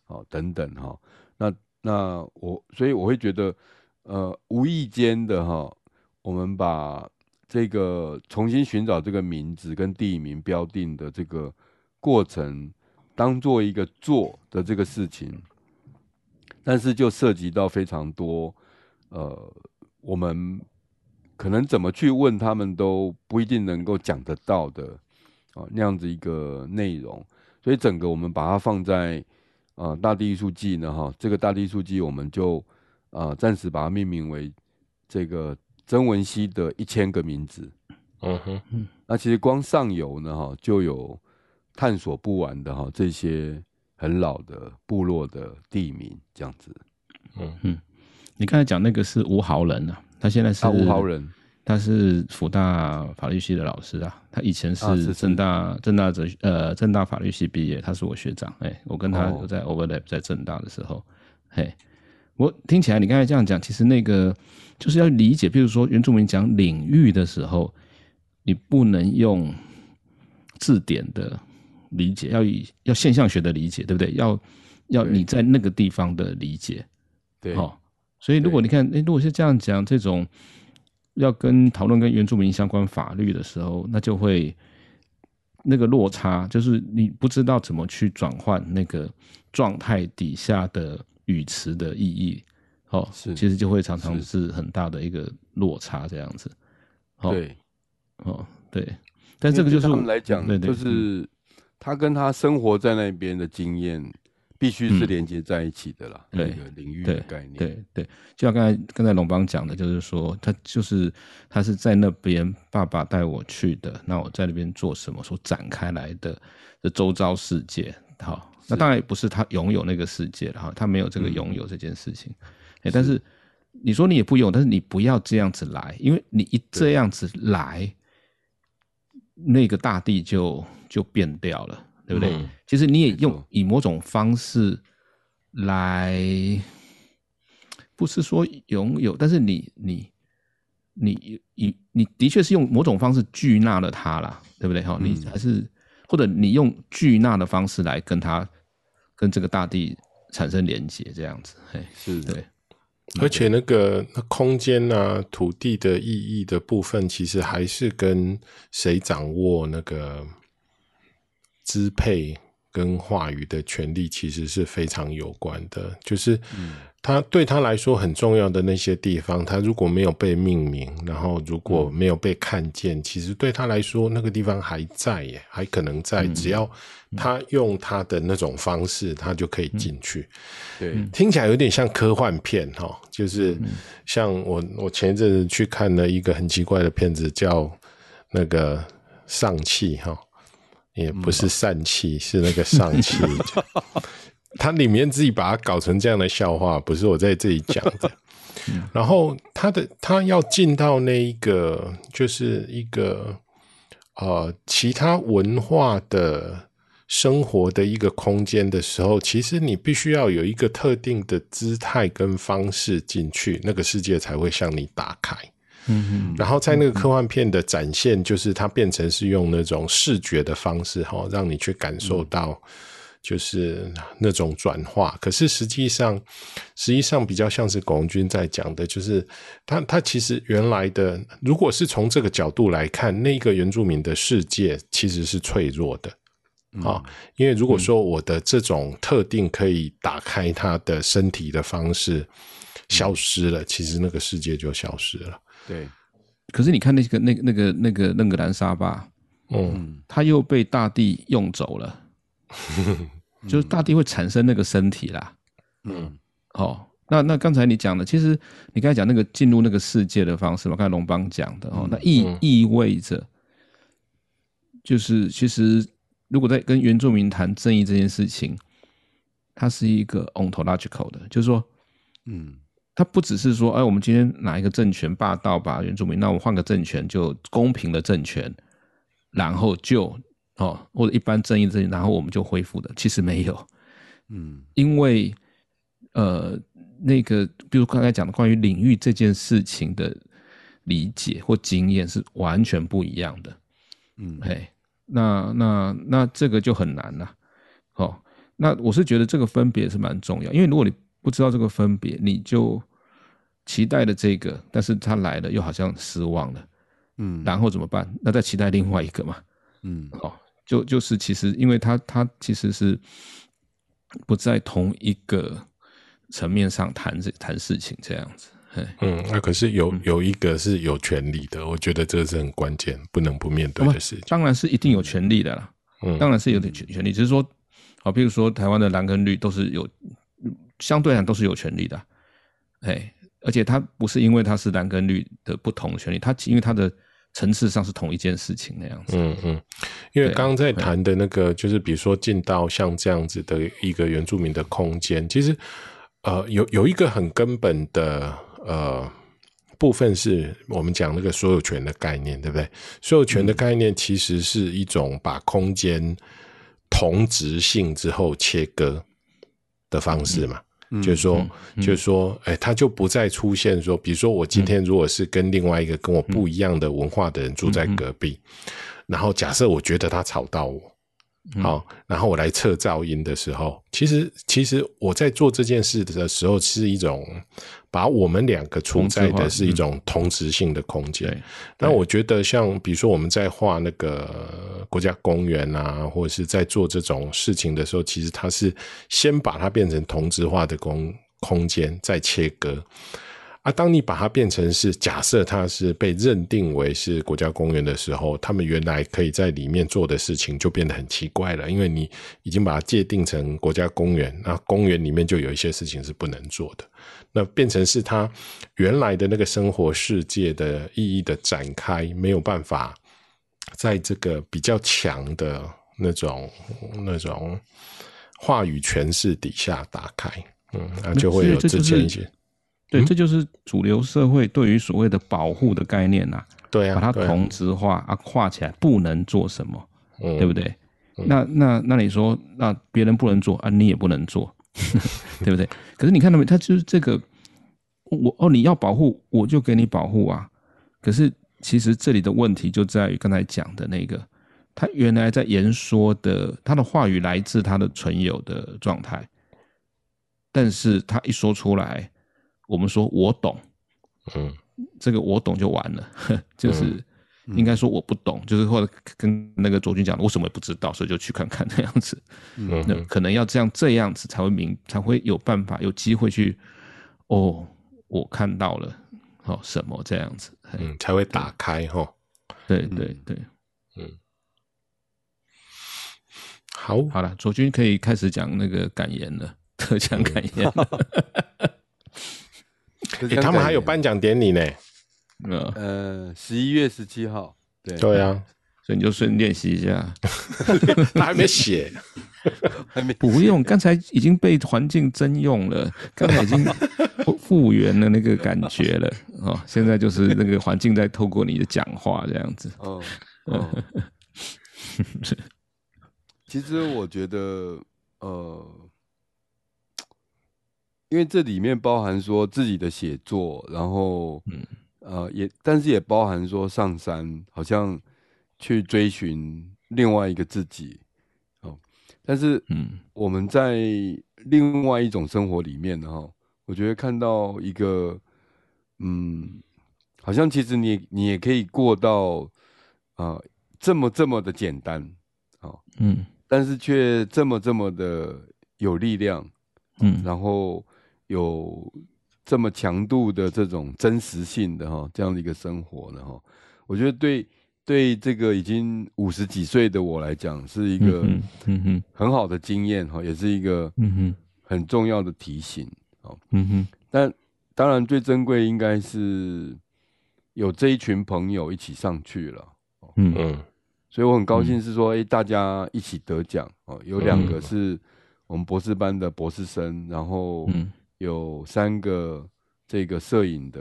哦等等哈、哦。那那我所以我會覺得，呃，無意間的哈、哦，我們把這個重新尋找這個名字跟地名標定的這個過程，當做一個做的這個事情，但是就涉及到非常多，呃，我們。可能怎麼去問他們都不一定能夠講得到的，啊、哦，那樣子一個內容，所以整個我們把它放在，呃、大地藝術季呢，哈、哦，這個大地藝術季我們就，呃、暫時把它命名為這個曾文溪的一千個名字，嗯哼，那其實光上游呢，哈、哦，就有探索不完的哈、哦，這些很老的部落的地名這樣子，嗯嗯，你剛才講那個是吳豪人呢、啊。他現在是吳豪人，他是輔大法律系的老師啊。他以前是政大政大哲學，呃、政大法律系畢業，他是我學長、欸。我跟他我在 overlap 在政大的時候，嘿，我聽起來你剛才這樣講，其實那個就是要理解，比如說原住民講領域的時候，你不能用字典的理解，要以要現象學的理解，對不對？要要你在那個地方的理解，對、嗯，所以，如果你看，誒，如果是這樣講，這種要跟討論跟原住民相關法律的時候，那就會那個落差，就是你不知道怎麼去轉換那個狀態底下的語詞的意義，哦，是，其實就會常常是很大的一個落差這樣子，哦，對，哦，對，但這個就是我們來講，對對，就是他跟他生活在那邊的經驗。嗯必須是連接在一起的啦，嗯，那個領域的概念，對對，對，就像剛才剛才龍邦講的，就是說他就是他是在那邊爸爸帶我去的，那我在那邊做什麼所展開來的，的周遭世界，好，哦，那當然不是他擁有那個世界了哈，他沒有這個擁有這件事情，哎，嗯、欸，但是你說你也不用，但是你不要這樣子來，因為你一這樣子來，那個大地就就變掉了。對不對？其、嗯、實、就是、你也用以某種方式來，不是說擁有，但是你你你你你的確是用某種方式聚納了它了，對不對？哈、嗯，你還是或者你用聚納的方式來跟它跟這個大地產生連接，這樣子，嘿，是的對。而且那個空間啊、土地的意義的部分，其實還是跟誰掌握那個。支配跟話語的權力其實是非常有關的，就是，他對他來說很重要的那些地方，他如果沒有被命名，然後如果沒有被看見，其實對他來說那個地方還在耶，還可能在，只要他用他的那種方式，他就可以進去。對，聽起來有點像科幻片齁，就是像我我前一陣子去看了一個很奇怪的片子，叫那個尚氣。哈。也不是散氣、嗯，是那個上氣。他 裡面自己把它搞成這樣的笑話，不是我在這裡講的。 然後他的他要進到那一個，就是一個呃其他文化的生活的一個空間的時候，其實你必須要有一個特定的姿態跟方式進去，那個世界才會向你打開。嗯， 然後在那個科幻片的展現，就是它變成是用那種視覺的方式、哦，讓你去感受到就是那種轉化。可是實際上，實際上比較像是龔卓軍在講的，就是他他其實原來的，如果是從這個角度來看，那個原住民的世界其實是脆弱的，啊，因為如果說我的這種特定可以打開他的身體的方式消失了，其實那個世界就消失了。對，可是你看那個、那、那個、那個、那個藍沙巴，嗯，它又被大地用走了， 嗯、就是大地會產生那個身體啦，嗯，哦，那那剛才你講的，其實你剛才講那個進入那個世界的方式嘛，剛才榮邦講的哦，嗯、那意意味着、就是嗯，就是其實如果在跟原住民談正義這件事情，它是一個 ontological 的，就是說，嗯。他不只是說，哎、欸，我們今天哪一個政權霸道，吧，原住民？那我們換個政權，就公平的政權，然後就哦，或者一般正義正義，然後我們就恢復的。其實沒有，嗯，因為呃，那個，比如剛才講的關於領域這件事情的理解或經驗是完全不一樣的，嗯，嘿，那那那這個就很難了、啊，哦，那我是覺得這個分別是蠻重要，因為如果你，不知道這個分別，你就期待的這個，但是他來了又好像失望了，嗯，然後怎麼辦？那再期待另外一個嘛，嗯，好、哦，就就是其實，因為他他其實是不在同一個層面上談這談事情這樣子，嗯，那、啊、可是有有一個是有權利的，嗯、我覺得這是很關鍵，不能不面對的事情，當然是一定有權利的啦，嗯，當然是有點權權利，只、嗯、是說，好，比如說台灣的藍跟綠都是有。相對來講都是有權利的，哎、欸，而且它不是因為它是藍跟綠的不同的權利，它因為它的層次上是同一件事情那樣子。嗯嗯，因為剛剛在談的那個、啊，就是比如說進到像這樣子的一個原住民的空間、啊，其實呃有有一個很根本的呃部分是我們講那個所有權的概念，對不對？所有權的概念其實是一種把空間同質性之後切割的方式嘛。嗯就是說，就是說，哎，他就不再出現說，比如說，我今天如果是跟另外一個跟我不一樣的文化的人住在隔壁，然後假設我覺得他吵到我。嗯、好，然後我來測噪音的時候，其實其實我在做這件事的時候是一種把我們兩個處在的是一種同質性的空間。那、嗯、我覺得像比如說我們在畫那個國家公園啊，或者是在做這種事情的時候，其實它是先把它變成同質化的空空間，再切割。啊，當你把它變成是假設它是被認定為是國家公園的時候，他們原來可以在裡面做的事情就變得很奇怪了，因為你已經把它界定成國家公園，那公園裡面就有一些事情是不能做的。那變成是它原來的那個生活世界的意義的展開，沒有辦法在這個比較強的那種、那種話語詮釋底下打開，嗯，那、啊、就會有這些。嗯對、嗯，這就是主流社會對於所謂的保護的概念吶、啊，對啊，把它同質化啊，跨、啊、起來不能做什麼，嗯、對不對？嗯、那那那你說，那別人不能做啊，你也不能做， 對不對？ 可是你看到沒？他就是這個，我哦，你要保護，我就給你保護啊。可是其實這裡的問題就在於剛才講的那個，他原來在言說的，他的話語來自他的存有的狀態，但是他一說出來。我們說，我懂，嗯，這個我懂就完了，呵就是應該說我不懂、嗯嗯，就是或者跟那個卓軍講，我什麼也不知道，所以就去看看這樣子嗯，那，嗯，可能要這樣這樣子才會明，才會有辦法，有機會去，哦，我看到了，哦，什麼這樣子，嗯，才會打開哈，對、哦、對對，對、嗯、對，嗯，好好了，卓軍可以開始講那個感言了，特強感言。嗯 他們還有頒獎典禮呢，呃，十一月十七號，對，對啊，所以你就順便練習一下， 他還沒寫， 不用，剛才已經被環境徵用了，剛才已經復原了那個感覺了啊、 哦，現在就是那個環境在透過你的講話這樣子，哦，呵、哦、呵， 其實我覺得，呃。因為這裡面包含說自己的寫作，然後，嗯、呃，也但是也包含說上山，好像去追尋另外一個自己。哦、但是，嗯，我們在另外一種生活裡面呢、哦，我覺得看到一個，嗯，好像其實你你也可以過到啊、呃、這麼這麼的簡單，哦、嗯，但是卻這麼這麼的有力量，哦、嗯，然後。有這麼強度的這種真實性的哈，這樣的一個生活呢哈，我覺得對對，這個已經五十幾歲的我來講是一個很好的經驗哈，也是一個很重要的提醒，但當然最珍貴應該是有這一群朋友一起上去了嗯，所以我很高興是說哎、欸、大家一起得獎，有兩個是我們博士班的博士生，然後有三個這個攝影的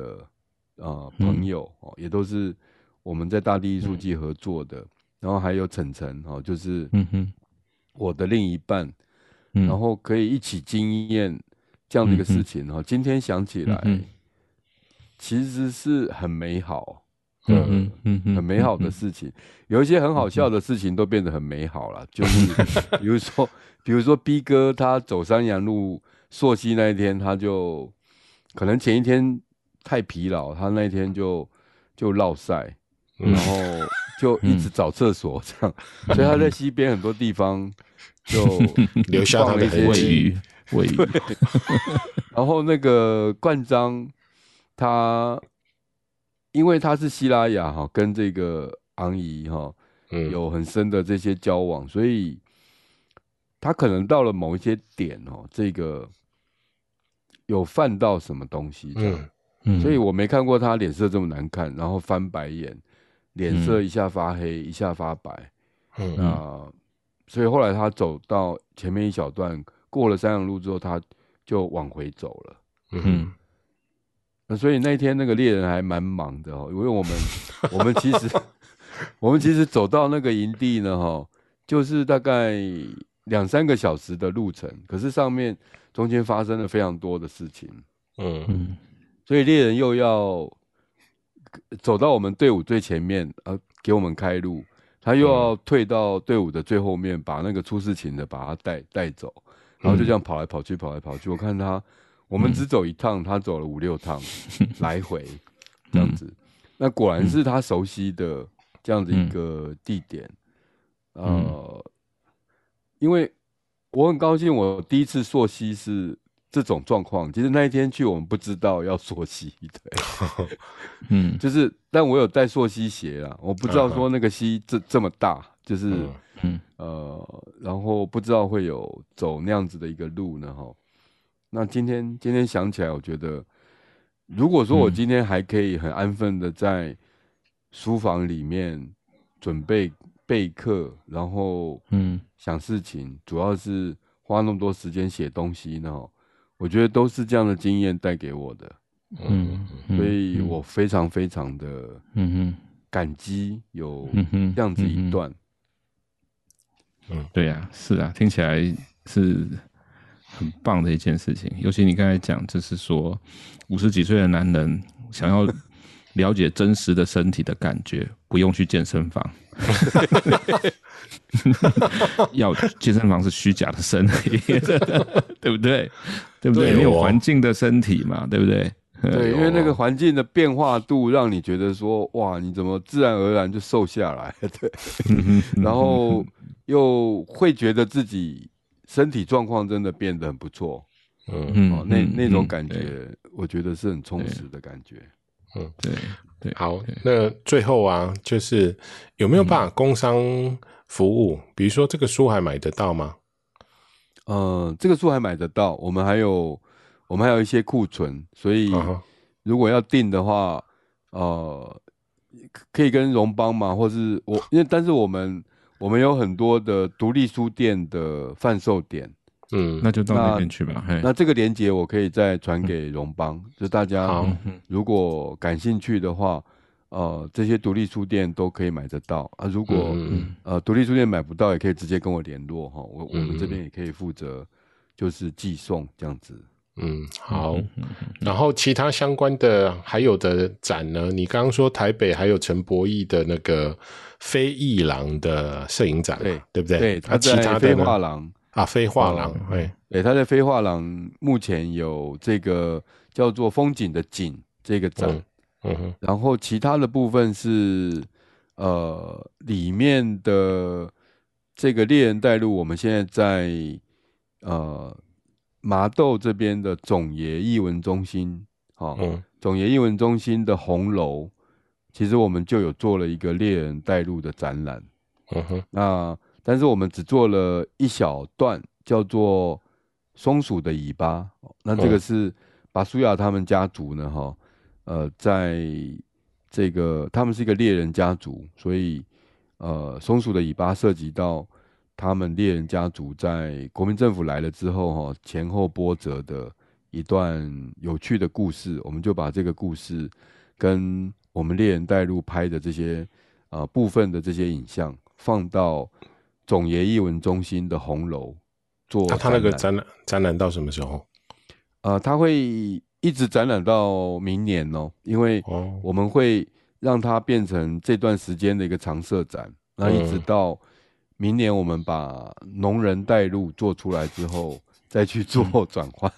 啊、呃、朋友哦、嗯，也都是我們在大地藝術季合作的、嗯，然後還有陳晨哦，就是我的另一半、嗯，然後可以一起經驗這樣的一個事情哦、嗯。今天想起來，其實是很美好的，嗯嗯嗯，很美好的事情、嗯嗯嗯嗯，有一些很好笑的事情都變得很美好了，嗯、就是比如說， 比如說，比如說 B 哥他走山羊路。溯溪那一天，他就可能前一天太疲勞，他那一天就就落屎，嗯、然後就一直找廁所這樣，嗯、所以他在西邊很多地方就、嗯、就留下他一些遺遺。 然後那個冠章他，他因為他是希拉雅哈跟這個昂姨哈有很深的這些交往，所以他可能到了某一些點哦，這個。有犯到什麼東西，嗯嗯、所以我沒看過他臉色這麼難看，然後翻白眼，臉色一下發黑，嗯、一下發白，嗯嗯。那所以後來他走到前面一小段，過了山陽路之後，他就往回走了。嗯，那所以那天那個獵人還蠻忙的哦，因為我們我們其實 我們其實走到那個營地呢，哦，哈，就是大概。兩三個小時的路程，可是上面中間發生了非常多的事情，嗯，所以獵人又要走到我們隊伍最前面，呃、啊，給我們開路，他又要退到隊伍的最後面、嗯，把那個出事情的把他帶帶走，然後就這樣跑來跑去，跑來跑去。我看他，我們只走一趟，嗯、他走了五六趟來回、嗯，這樣子，那果然是他熟悉的這樣子一個地點，嗯、呃。嗯因為我很高興，我第一次溯溪是這種狀況。其實那一天去，我們不知道要溯溪，對， 嗯，就是，但我有帶溯溪鞋啊，我不知道說那個溪這、嗯、這麼大，就是嗯，嗯，呃，然後不知道會有走那樣子的一個路呢，然後那今天今天想起來，我覺得，如果說我今天還可以很安分的在書房裡面準備。備課，然後嗯，想事情，嗯，主要是花那麼多時間寫東西呢，我覺得都是這樣的經驗帶給我的嗯，嗯，所以我非常非常的嗯感激，嗯哼，有這樣子一段，嗯嗯嗯，對呀，啊，是啊，聽起來是很棒的一件事情，尤其你剛才講，就是說五十幾歲的男人想要。 了解真實的身體的感覺，不用去健身房。 要健身房是虛假的身體， 對不對,對？對不對？因為環境的身體嘛對，對不對？對，因為那個環境的變化度，讓你覺得說哇,哇，你怎麼自然而然就瘦下來？對， 然後又會覺得自己身體狀況真的變得很不錯。嗯，哦、嗯那嗯那種感覺，我覺得是很充實的感覺。嗯，對對，好對對，那最後啊，就是有沒有辦法工商服務、嗯？比如說這個書還買得到嗎？嗯、呃、這個書還買得到，我們還有我們還有一些庫存，所以如果要訂的話、啊，呃，可以跟榮邦嘛，或是我，因為但是我們我們有很多的獨立書店的販售點。嗯，那就到那邊去吧。那，嘿那這個鏈接我可以再傳給榮邦、嗯，就大家如果感興趣的話，嗯、呃，這些獨立書店都可以買得到啊。如果、嗯、呃獨立書店買不到，也可以直接跟我聯絡哈。我、嗯、我們這邊也可以負責就是寄送這樣子。嗯，好。然後其他相關的還有的展呢？你剛剛說台北還有陳伯義的那個非畫廊的攝影展，對對不對？對，他、啊、其他非畫廊啊，非畫廊，哎、嗯，他在非畫廊目前有這個叫做“風景”的景這個展，嗯嗯，然後其他的部分是，呃，裡面的這個獵人帶路，我們現在在呃麻豆這邊的總爺藝文中心，好，哦嗯，總爺藝文中心的紅樓，其實我們就有做了一個獵人帶路的展覽，嗯哼，那。但是我們只做了一小段，叫做“松鼠的尾巴”。那這個是巴蘇亞他們家族呢？哈、哦，呃，在這個他們是一個獵人家族，所以呃，松鼠的尾巴涉及到他們獵人家族在國民政府來了之後，哈，前後波折的一段有趣的故事。我們就把這個故事跟我們獵人帶路拍的這些啊、呃、部分的這些影像放到。總爺藝文中心的紅樓做他、啊、他那個展覽展覽到什麼時候？呃，他會一直展覽到明年哦、喔，因為我們會讓它變成這段時間的一個常設展、哦，然後一直到明年，我們把獵人帶路做出來之後，嗯、再去做轉換。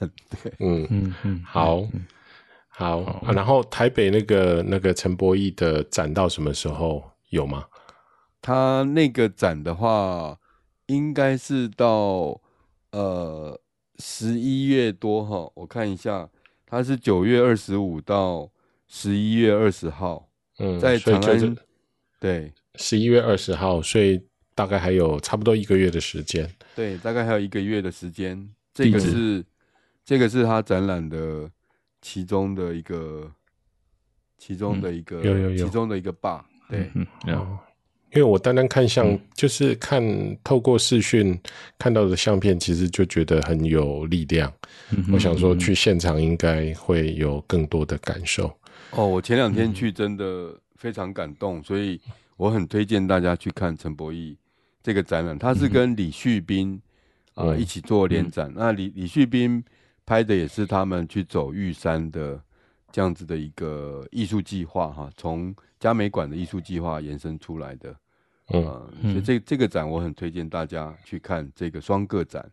嗯嗯嗯，好好、嗯啊。然後台北那個那個陳伯義的展到什麼時候有嗎？他那個展的話，應該是到呃十一月多號。我看一下，他是九月二十五到十一月二十號，嗯，在長安，對，十一月二十號，所以大概還有差不多一個月的時間，對，大概還有一個月的時間，這個是這個是他展覽的其中的一個，其中的一個，嗯、有有有其中的一個吧，對，然後、嗯。有有有嗯嗯因為我單單看相，嗯，就是看透過視訊看到的相片，其實就覺得很有力量。嗯哼嗯哼，我想說去現場應該會有更多的感受。哦，我前兩天去真的非常感動，嗯、所以我很推薦大家去看陳伯義這個展覽。他是跟李旭彬，嗯呃嗯、一起做聯展，嗯，那李李旭彬拍的也是他們去走玉山的這樣子的一個藝術計劃哈，從嘉美館的藝術計劃延伸出來的。嗯，嗯，所以這這個展我很推薦大家去看這個雙個展。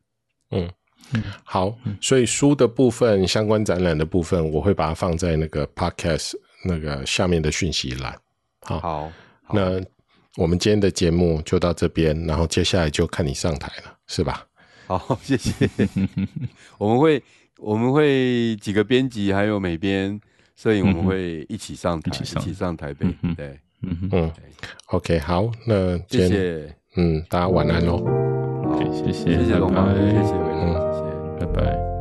嗯好，所以書的部分、相關展覽的部分，我會把它放在那個 podcast 那個下面的訊息欄。好，好，那我們今天的節目就到這邊，然後接下來就看你上台了，是吧？好，謝謝。 我們會我們會幾個編輯，還有美編、攝影，我們會一起、嗯、一起上台，一起上台北、嗯嗯，對。 嗯嗯 okay.，OK，好，那謝謝，嗯，大家晚安嘍，okay. Okay, 好，謝謝，謝謝龍謝謝，拜拜。謝謝嗯謝謝拜拜。